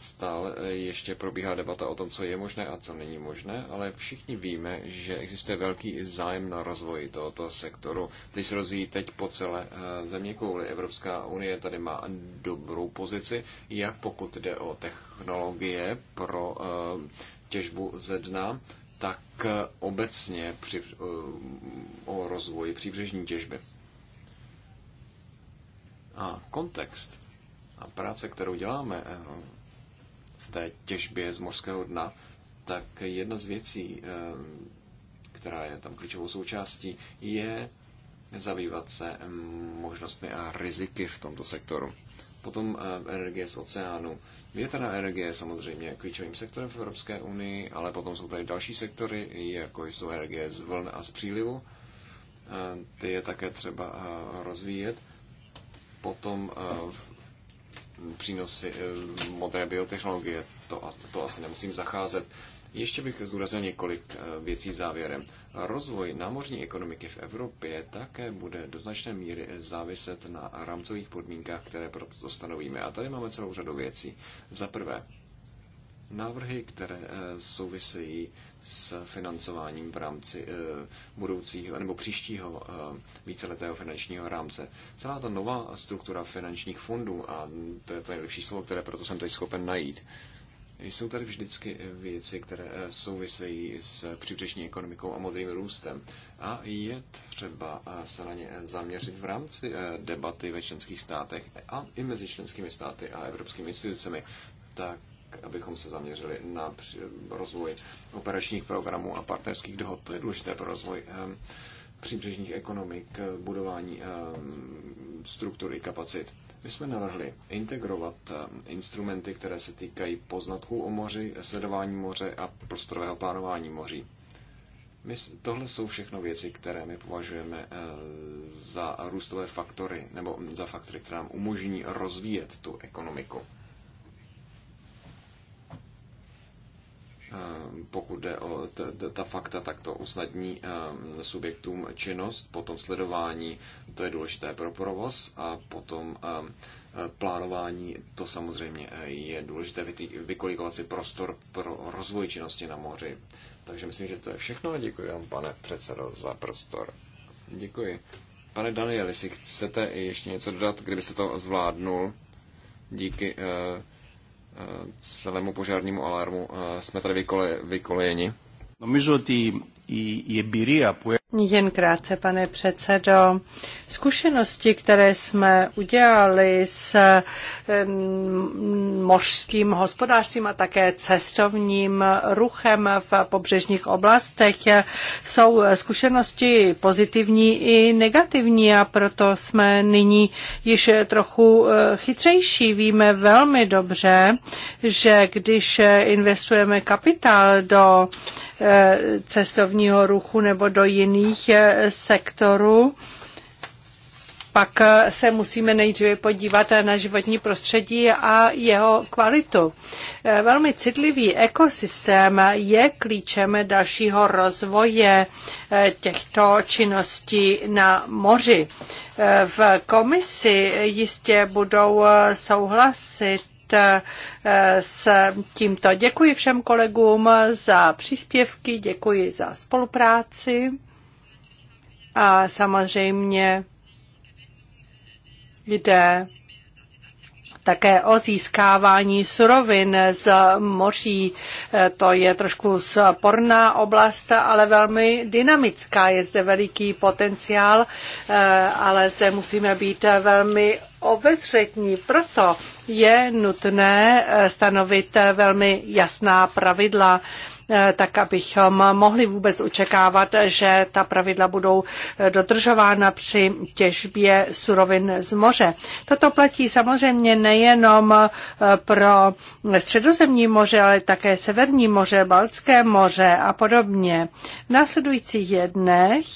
[SPEAKER 3] Stále ještě probíhá debata o tom, co je možné a co není možné, ale všichni víme, že existuje velký zájem na rozvoji tohoto sektoru. Ty se rozvíjí teď po celé země kvůli. Evropská unie tady má dobrou pozici, jak pokud jde o technologie pro těžbu ze dna, tak obecně při, eh, o rozvoji příbřežní těžby. A kontext a práce, kterou děláme eh, v té těžbě z mořského dna, tak jedna z věcí, eh, která je tam klíčovou součástí, je zabývat se možnostmi a riziky v tomto sektoru. Potom energie z oceánu, Větrná energie je samozřejmě klíčovým sektorem v Evropské unii, ale potom jsou tady další sektory, jako jsou energie z vln a z přílivu. Ty je také třeba rozvíjet. Potom přínosy e, modré biotechnologie, to, to asi nemusím zacházet. Ještě bych zdůraznil několik eh, věcí závěrem. Rozvoj námořní ekonomiky v Evropě také bude do značné míry záviset na rámcových podmínkách, které proto stanovíme. A tady máme celou řadu věcí. Za prvé, návrhy, které eh, souvisejí s financováním v rámci eh, budoucího nebo příštího víceletého finančního rámce. Celá ta nová struktura finančních fondů, a to je to nejlepší slovo, které proto jsem teď schopen najít, jsou tady vždycky věci, které eh, souvisejí s příbřežní ekonomikou a modrým růstem. A je třeba eh, se na ně zaměřit v rámci eh, debaty ve členských státech a i mezi členskými státy a evropskými institucemi, tak abychom se zaměřili na rozvoj operačních programů a partnerských dohod. To je důležité pro rozvoj ehm, příbřežních ekonomik, budování ehm, struktury kapacit. My jsme navrhli integrovat eh, instrumenty, které se týkají poznatků o moři, sledování moře a prostorového plánování moří. My, tohle jsou všechno věci, které my považujeme eh, za růstové faktory, nebo za faktory, které nám umožní rozvíjet tu ekonomiku. pokud jde o ta fakta, tak to usnadní eh, subjektům činnost, potom sledování, to je důležité pro provoz a potom eh, eh, plánování, to samozřejmě je důležité vykolikovat si prostor pro rozvoj činnosti na moři. Takže myslím, že to je všechno. Děkuji vám, pane předsedo, za prostor. Děkuji. Pane Danieli, jestli chcete ještě něco dodat, kdybyste to zvládnul, díky. Uh, celému požárnímu alarmu eh, jsme tady vykolejeni? Νομίζω no ότι i η εμπειρία που
[SPEAKER 1] jen krátce, pane předsedo. Zkušenosti, které jsme udělali s mořským hospodářstvím a také cestovním ruchem v pobřežních oblastech, jsou zkušenosti pozitivní i negativní a proto jsme nyní již trochu eh, chytřejší. Víme velmi dobře, že když investujeme kapitál do eh, cestovního ruchu nebo do jiných, jiných eh, sektorů, pak eh, se musíme nejdříve podívat na životní prostředí a jeho kvalitu. Eh, velmi citlivý ekosystém je klíčem dalšího rozvoje těchto činností na moři. V komisi jistě budou souhlasit s tímto. Děkuji všem kolegům za příspěvky, děkuji za spolupráci. A samozřejmě jde také o získávání surovin z moří. To je trošku sporná oblast, ale velmi dynamická. Je zde veliký potenciál, eh, ale zde musíme být velmi obezřetní. Proto je nutné eh, stanovit eh, velmi jasná pravidla Eh, tak abychom mohli vůbec očekávat, že ta pravidla budou eh, dodržována při těžbě surovin z moře. Toto platí samozřejmě nejenom eh, pro středozemní moře, ale také severní moře, Balcké moře a podobně. V následujících jednech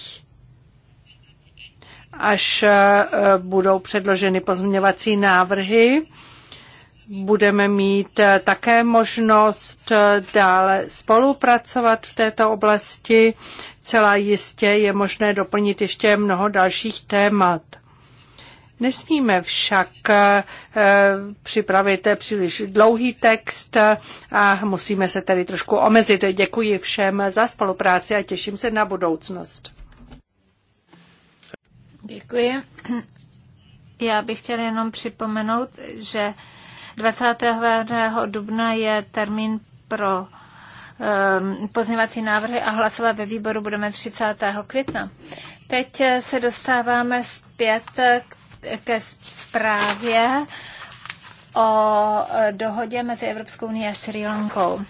[SPEAKER 1] až budou předloženy pozměňovací návrhy, budeme mít eh, také možnost eh, dále spolupracovat v této oblasti. Celá jistě je možné doplnit ještě mnoho dalších témat. Nesmíme však eh, připravit příliš dlouhý text a musíme se tedy trošku omezit. Děkuji všem za spolupráci a těším se na budoucnost.
[SPEAKER 2] Děkuji. Já bych chtěla jenom připomenout, že 20 dubna je termín pro ehm, pozněvací návrhy a hlasovat ve výboru budeme 30. května. Teď eh, se dostáváme zpět ke zprávě o eh, dohodě mezi Evropskou unii a Sri Lankou.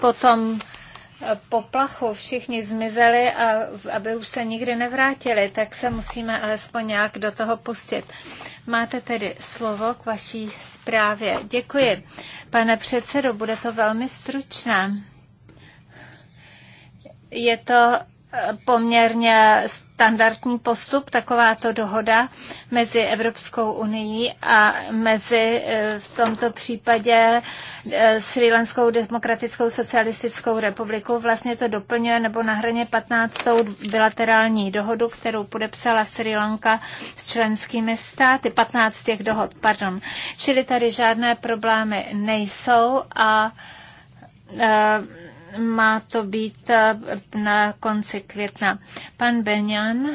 [SPEAKER 2] Potom eh, poplachu všichni zmizeli a aby už se nikdy nevrátili, tak se musíme alespoň nějak do toho pustit. Máte tedy slovo k vaší zprávě. Děkuji. Pane předsedo, bude to velmi stručné. Je to poměrně standardní postup, takováto dohoda mezi Evropskou unii a mezi e, v tomto případě e, Sri Lanskou demokratickou socialistickou republikou. Vlastně to doplňuje nebo na hraně 15. bilaterální dohodu, kterou podepsala Sri Lanka s členskými státy. 15 těch dohod, pardon. Čili tady žádné problémy nejsou a e, má to být eh, na konci května. Pan Benjan.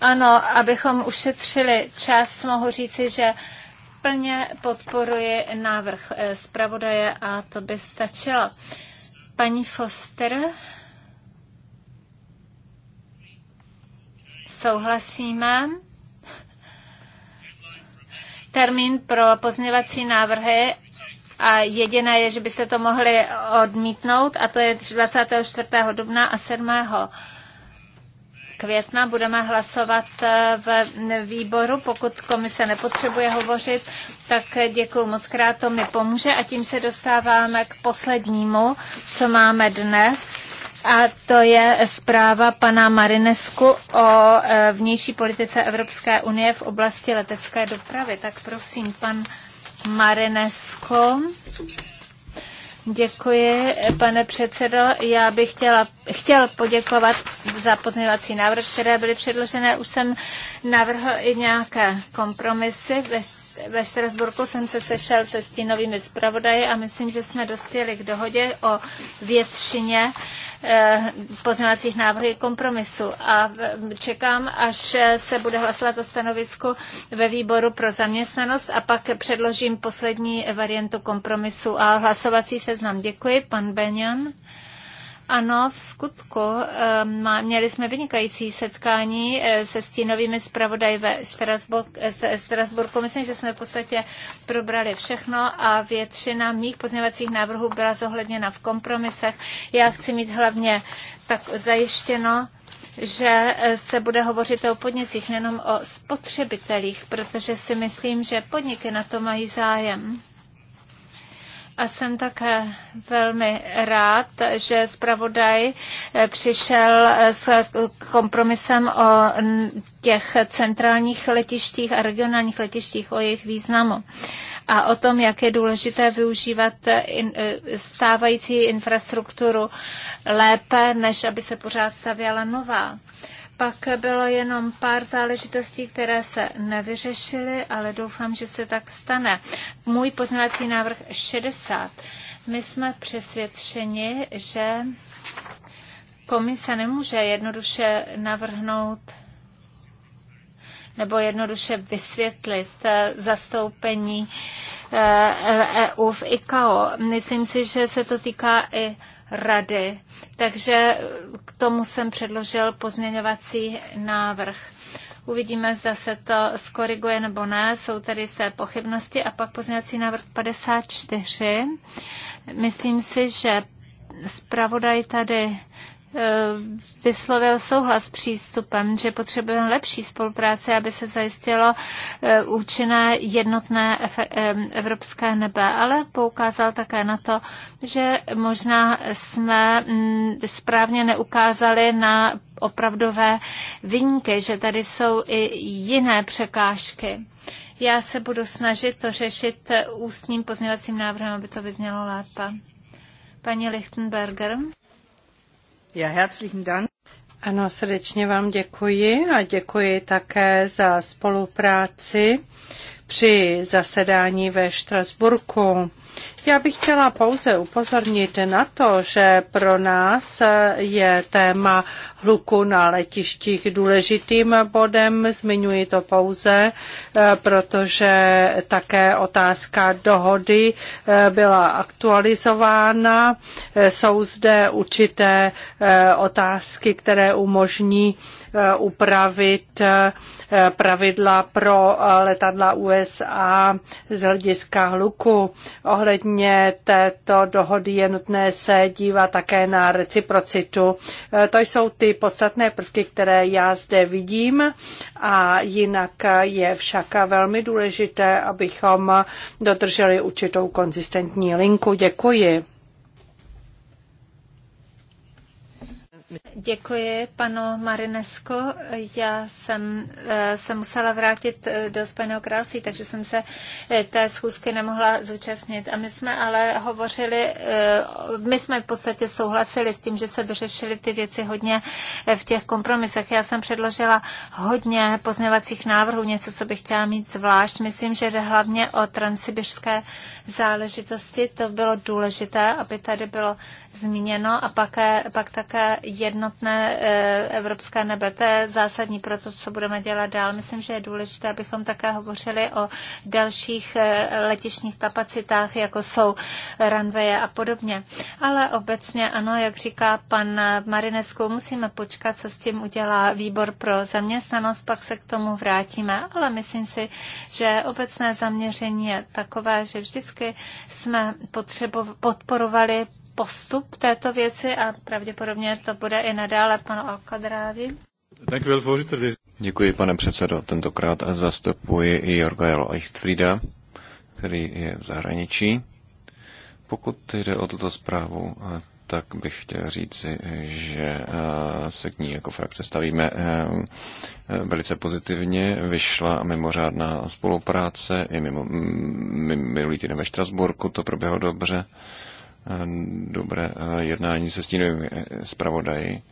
[SPEAKER 2] Ano, abychom ušetřili čas, mohu říci, že plně podporuji návrh eh, zpravodaje a to by stačilo. Paní Foster, souhlasíme. Termín pro pozměvací návrhy a jediné je, že byste to mohli odmítnout a to je 24. dubna a 7. května. Budeme hlasovat eh, v výboru, pokud komise nepotřebuje hovořit, tak děkuji moc krát, to mi pomůže a tím se dostáváme k poslednímu, co máme dnes. A to je zpráva pana Marinesku o eh, vnější politice Evropské unie v oblasti letecké dopravy. Tak prosím, pan Marinesko. Děkuji, pane předsedo. Já bych chtěla, chtěl poděkovat za pozměňovací návrh, které byly předložené. Už jsem navrhl i nějaké kompromisy. Ve, ve Štrasburku jsem se sešel se stínovými zpravodaji a myslím, že jsme dospěli k dohodě o většině Eh, pozměňovacích návrhů i kompromisu a eh, čekám, až eh, se bude hlasovat o stanovisku ve výboru pro zaměstnanost a pak předložím poslední variantu kompromisu a hlasovací seznam. Děkuji, pan Benjan. Ano, v skutku eh, měli jsme vynikající setkání eh, se stínovými zpravodaji ve eh, Strasburku. Myslím, že jsme v podstatě probrali všechno a většina mých pozměňovacích návrhů byla zohledněna v kompromisech. Já chci mít hlavně tak zajištěno, že se bude hovořit o podnicích, nejenom o spotřebitelích, protože si myslím, že podniky na to mají zájem. A jsem také velmi rád, že zpravodaj eh, přišel eh, s kompromisem o těch centrálních letištích a regionálních letištích, o jejich významu a o tom, jak je důležité využívat eh, stávající infrastrukturu lépe, než aby se pořád stavěla nová. Pak bylo jenom pár záležitostí, které se nevyřešily, ale doufám, že se tak stane. Můj poznávací návrh 60. My jsme přesvědčeni, že komise nemůže jednoduše navrhnout nebo jednoduše vysvětlit eh, zastoupení EU eh, e- e- e v ICAO. Myslím si, že se to týká i rady. Takže k tomu jsem předložil pozměňovací návrh. Uvidíme, zda se to skoriguje nebo ne. Jsou tady své pochybnosti. A pak pozměňovací návrh 54. Myslím si, že zpravodaj tady Eh, vyslovil souhlas s přístupem, že potřebujeme lepší spolupráce, aby se zajistilo eh, účinné jednotné eh, evropské nebe, ale poukázal také na to, že možná jsme mm, správně neukázali na opravdové výjimky, že tady jsou i jiné překážky. Já se budu snažit to řešit ústním pozměvacím návrhem, aby to vyznělo lépe. Paní Lichtenberger.
[SPEAKER 1] Ja, herzlichen Dank. Ano, srdečně vám děkuji a děkuji také za spolupráci při zasedání ve Štrasburku. Já bych chtěla pouze upozornit na to, že pro nás je téma hluku na letištích důležitým bodem. Zmiňuji to pouze, eh, protože také otázka dohody eh, byla aktualizována. Eh, jsou zde určité otázky, které umožní Eh, upravit eh, pravidla pro eh, letadla USA z hlediska hluku. Ohledně této dohody je nutné se dívat také na reciprocitu. To jsou ty podstatné prvky, které já zde vidím a jinak je však velmi důležité, abychom dodrželi určitou konzistentní linku. Děkuji.
[SPEAKER 2] Děkuji panu Marinesko. Já jsem eh, se musela vrátit eh, do Spojeného království, takže jsem se eh, té schůzky nemohla zúčastnit. A my jsme ale hovořili, my jsme v podstatě souhlasili s tím, že se vyřešily ty věci hodně v těch kompromisech. Já jsem předložila hodně pozměvacích návrhů, něco, co bych chtěla mít zvlášť. Myslím, že jde hlavně o transsibirské záležitosti. To bylo důležité, aby tady bylo zmíněno a pak, eh, pak také jednotné eh, evropské nebe. To je zásadní pro to, co budeme dělat dál. Myslím, že je důležité, abychom také hovořili o dalších eh, letišních kapacitách, jako jsou runwaye a podobně. Ale obecně ano, jak říká pan Marinesku, musíme počkat, co s tím udělá výbor pro zaměstnanost, pak se k tomu vrátíme. Ale myslím si, že obecné zaměření je takové, že vždycky jsme potřebo- podporovali postup této věci a pravděpodobně to bude i nadále panu Alkadrávi.
[SPEAKER 3] Děkuji, pane předsedo. Tentokrát zastupuji i Jorga Eichtfrieda, který je v zahraničí. Pokud jde o tuto zprávu, tak bych chtěl říci, že eh, se k ní jako frakce stavíme eh, velice pozitivně. Vyšla mimořádná spolupráce i mimo, mm, minulý týden ve Štrasburku, to proběhlo dobře dobré eh, jednání se stínovými eh, zpravodaji.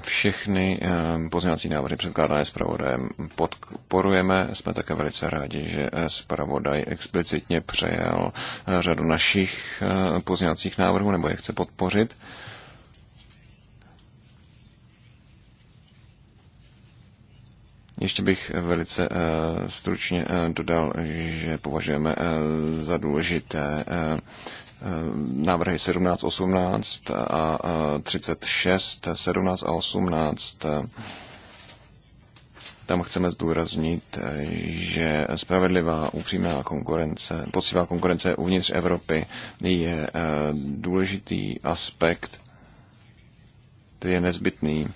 [SPEAKER 3] Všechny eh, pozměňovací návrhy předkládané zpravodajem podporujeme. Jsme také velice rádi, že zpravodaj explicitně přejel řadu našich pozměňovacích návrhů, nebo je chce podpořit. Ještě bych velice stručně dodal, že považujeme za důležité Eh, návrhy 17, 18 a 36, 17 a 18. Tam chceme zdůraznit, eh, že spravedlivá, upřímná konkurence, poctivá konkurence uvnitř Evropy je eh, důležitý aspekt, který je nezbytný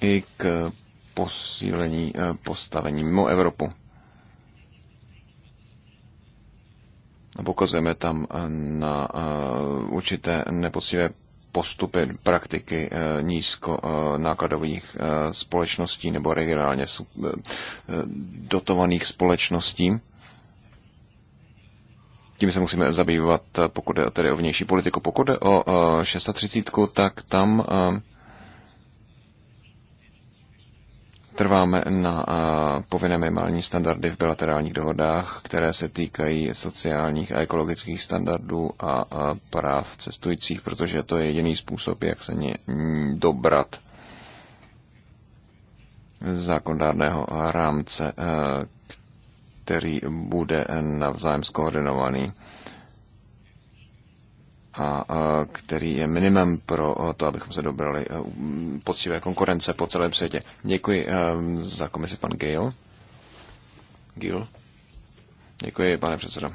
[SPEAKER 3] i k posílení postavení mimo Evropu. pokazujeme tam eh, na eh, určité nepocivé postupy, praktiky eh, nízko nákladových společností nebo regionálně dotovaných společností. Tím se musíme zabývat, pokud jde tedy o vnější politiku. Pokud jde o 630, tak tam trváme na povinné minimální standardy v bilaterálních dohodách, které se týkají sociálních a ekologických standardů a práv cestujících, protože to je jediný způsob, jak se ně dobrat zákonodárného rámce, který bude navzájem skoordinovaný a, který je minimem pro eh, to, abychom se dobrali eh, poctivé konkurence po celém světě. Děkuji eh, za komisi pan Gail. Gil. Děkuji, pane předsedo.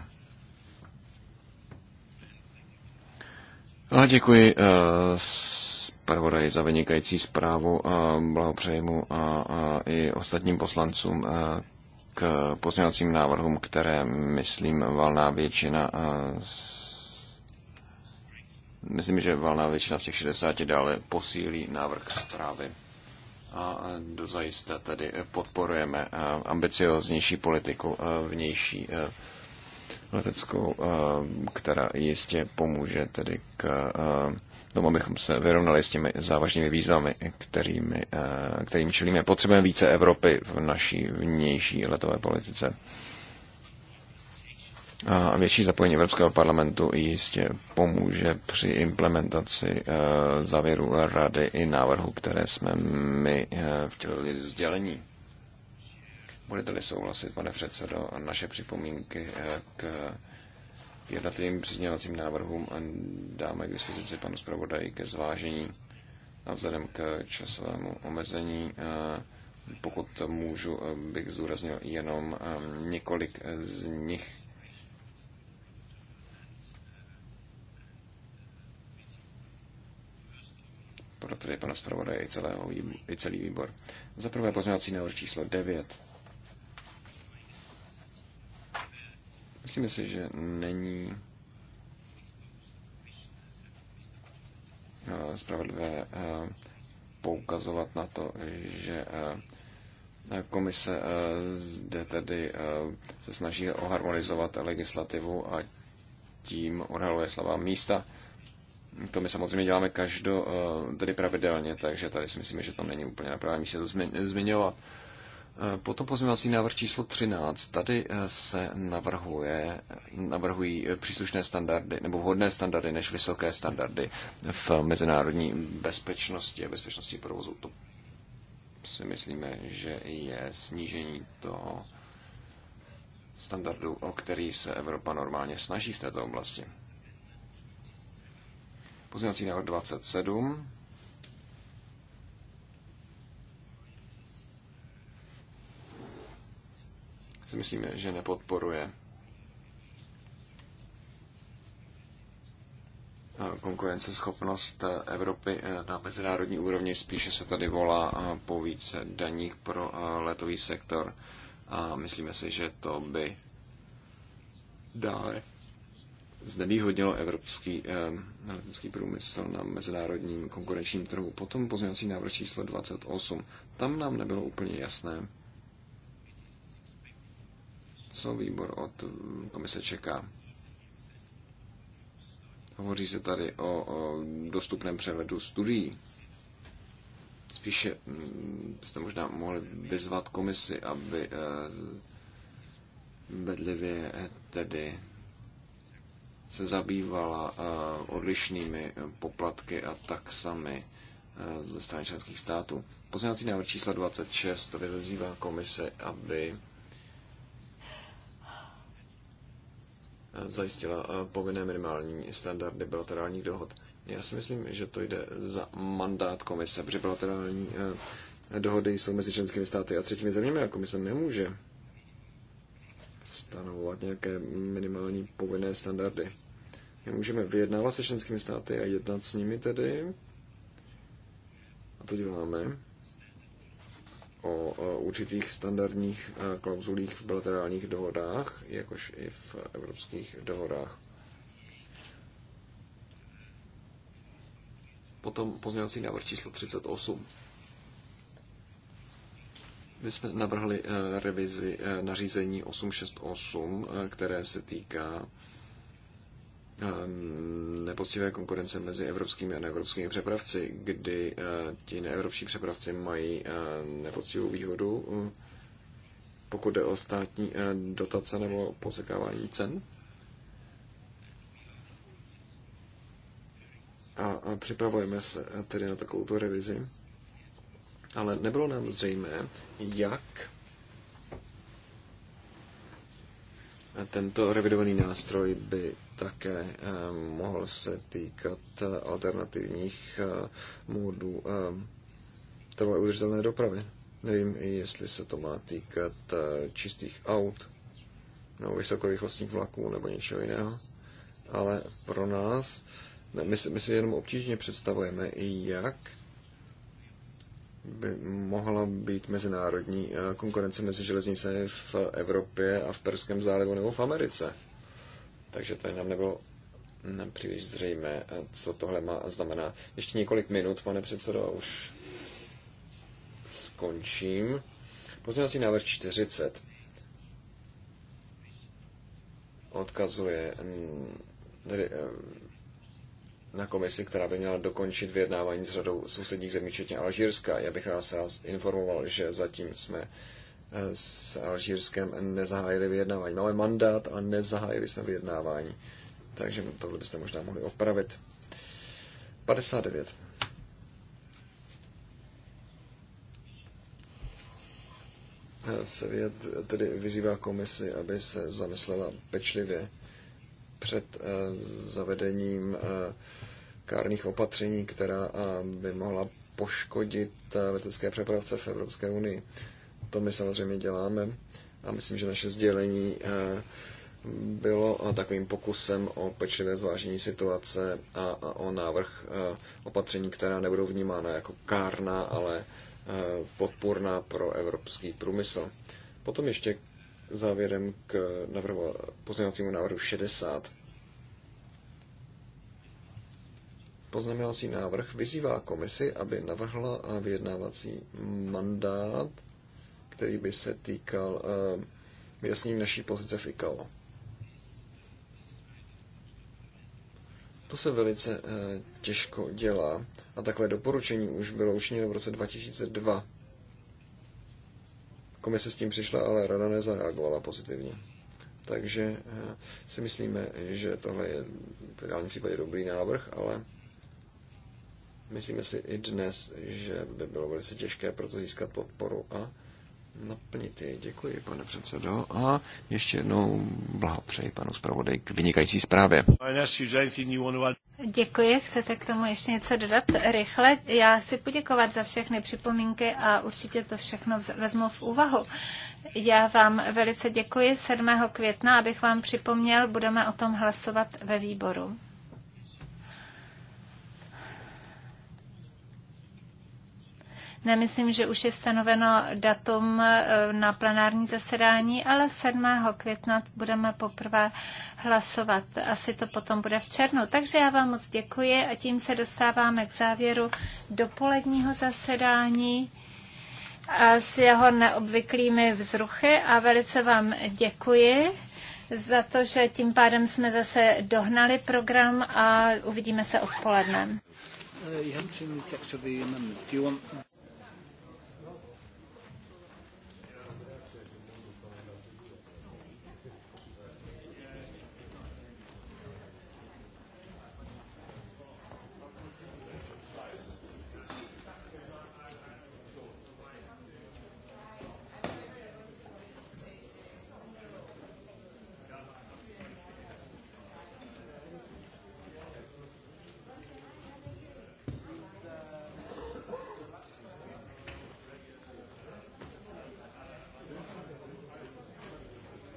[SPEAKER 3] A děkuji zpravodaji za vynikající zprávu a blahopřeji mu a, a i ostatním poslancům k pozměňovacím návrhům, které, myslím, valná většina z Myslím, že valná většina z těch 60 dále posílí návrh zprávy a dozajisté tedy podporujeme eh, ambicioznější politiku eh, vnější eh, leteckou, která jistě pomůže tedy k tomu, abychom se vyrovnali s těmi závažnými výzvami, kterými, kterým čelíme. Potřebujeme více Evropy v naší vnější letové politice. A větší zapojení Evropského parlamentu jistě pomůže při implementaci eh, závěru rady i návrhu, které jsme my eh, vtělili z dělení. Budete-li souhlasit, pane předsedo, naše připomínky eh, k jednotlivým přizněvacím návrhům dáme k dispozici panu zpravodaji ke zvážení a vzhledem k časovému omezení pokud můžu, bych zúraznil jenom několik z nich tedy pana zpravodaje i, celého, i celý výbor. Za prvé pozměňovací návrh číslo 9. Myslím si, že není eh, spravedlivé eh, poukazovat na to, že eh, komise zde tedy se snaží oharmonizovat legislativu a tím odhaluje slabá místa to my samozřejmě děláme každo, eh, tedy pravidelně, takže tady si myslíme, že to není úplně na právě místě to zmiňovat. Eh, potom pozměňovací návrh číslo 13. Tady eh, se navrhuje, navrhují příslušné standardy, nebo vhodné standardy než vysoké standardy v mezinárodní bezpečnosti a bezpečnosti provozu. To si myslíme, že je snížení toho standardu, o který se Evropa normálně snaží v této oblasti. Pozměňovací návrh 27. Si myslíme, že nepodporuje konkurenceschopnost Evropy na mezinárodní úrovni. Spíše se tady volá po více daních pro letový sektor a myslíme si, že to by dále znevýhodnilo evropský eh, letecký průmysl na mezinárodním konkurenčním trhu. Potom pozměňovací návrh číslo 28. Tam nám nebylo úplně jasné, co výbor od eh, komise čeká. Hovoří se tady o, o dostupném přehledu studií. Spíše mm, jste možná mohli vyzvat komisi, aby eh, bedlivě tedy se zabývala eh, odlišnými eh, poplatky a taxami eh, ze strany členských států. Pozměňovací návrh čísla 26 to vyzývá komise, aby zajistila povinné minimální standardy bilaterálních dohod. Já si myslím, že to jde za mandát komise, protože bilaterální dohody jsou mezi členskými státy a třetími zeměmi a komise nemůže stanovovat nějaké minimální povinné standardy. Můžeme vyjednávat se členskými státy a jednat s nimi tedy. A to děláme o určitých standardních eh, klauzulích v bilaterálních dohodách, jakož i v evropských dohodách. Potom pozměňovací návrh číslo 38. My jsme navrhli eh, revizi eh, nařízení 868, které se týká Ehm, nepoctivé konkurence mezi evropskými a neevropskými přepravci, kdy eh, ti neevropští přepravci mají eh, nepoctivou výhodu, eh, pokud jde o státní dotace nebo posekávání cen. A připravujeme se tedy na takovou revizi. Ale nebylo nám zřejmé, jak Tento revidovaný nástroj by také eh, mohl se týkat eh, alternativních eh, módů trvalé udržitelné dopravy. Nevím, jestli se to má týkat čistých aut nebo vysokorychlostních vlaků nebo něčeho jiného, ale pro nás, my si, my si jenom obtížně představujeme, jak by mohla být mezinárodní eh, konkurence mezi železnicemi v Evropě a v Perském zálivu nebo v Americe. Takže tady nám nebylo mm, příliš zřejmé, eh, co tohle má a znamená. Ještě několik minut, pane předsedo, už skončím. Pozměňovací návrh 40 odkazuje, tedy eh, na komisi, která by měla dokončit vyjednávání s řadou sousedních zemí, včetně Alžírska. Já bych vás rád informoval, že zatím jsme eh, s Alžírskem nezahájili vyjednávání. Máme mandát, ale nezahájili jsme vyjednávání. Takže tohle byste možná mohli opravit. 59. Svět eh, tedy vyzývá komisi, aby se zamyslela pečlivě před eh, zavedením eh, kárných opatření, která eh, by mohla poškodit letecké přepravce v Evropské unii. To my samozřejmě děláme a myslím, že naše sdělení bylo takovým pokusem o pečlivé zvážení situace a o návrh opatření, která nebudou vnímána jako kárná, ale podpůrná pro evropský průmysl. Potom ještě závěrem k pozměňovacímu návrhu 60. si návrh vyzývá komisi, aby navrhla vyjednávací mandát, který by se týkal eh, vyjasnění naší pozice v ICAO. To se velice eh, těžko dělá a takové doporučení už bylo učiněno v roce 2002 Komise s tím přišla, ale rada nezareagovala pozitivně. Takže eh, si myslíme, že tohle je v ideálním případě dobrý návrh, ale myslíme si i dnes, že by bylo velice těžké proto získat podporu a naplnit je. Děkuji, pane předsedo. A ještě jednou blahopřeji panu zpravodaj k vynikající zprávě.
[SPEAKER 2] Děkuji. Chcete k tomu ještě něco dodat rychle? Já si poděkovat za všechny připomínky a určitě to všechno vezmu v úvahu. Já vám velice děkuji. 7. května, abych vám připomněl, budeme o tom hlasovat ve výboru. Nemyslím, že už je stanoveno datum eh, na plenární zasedání, ale 7. května budeme poprvé hlasovat. Asi to potom bude v černu. Takže já vám moc děkuji a tím se dostáváme k závěru dopoledního zasedání a s jeho neobvyklými vzruchy a velice vám děkuji za to, že tím pádem jsme zase dohnali program a uvidíme se odpoledne. Eh,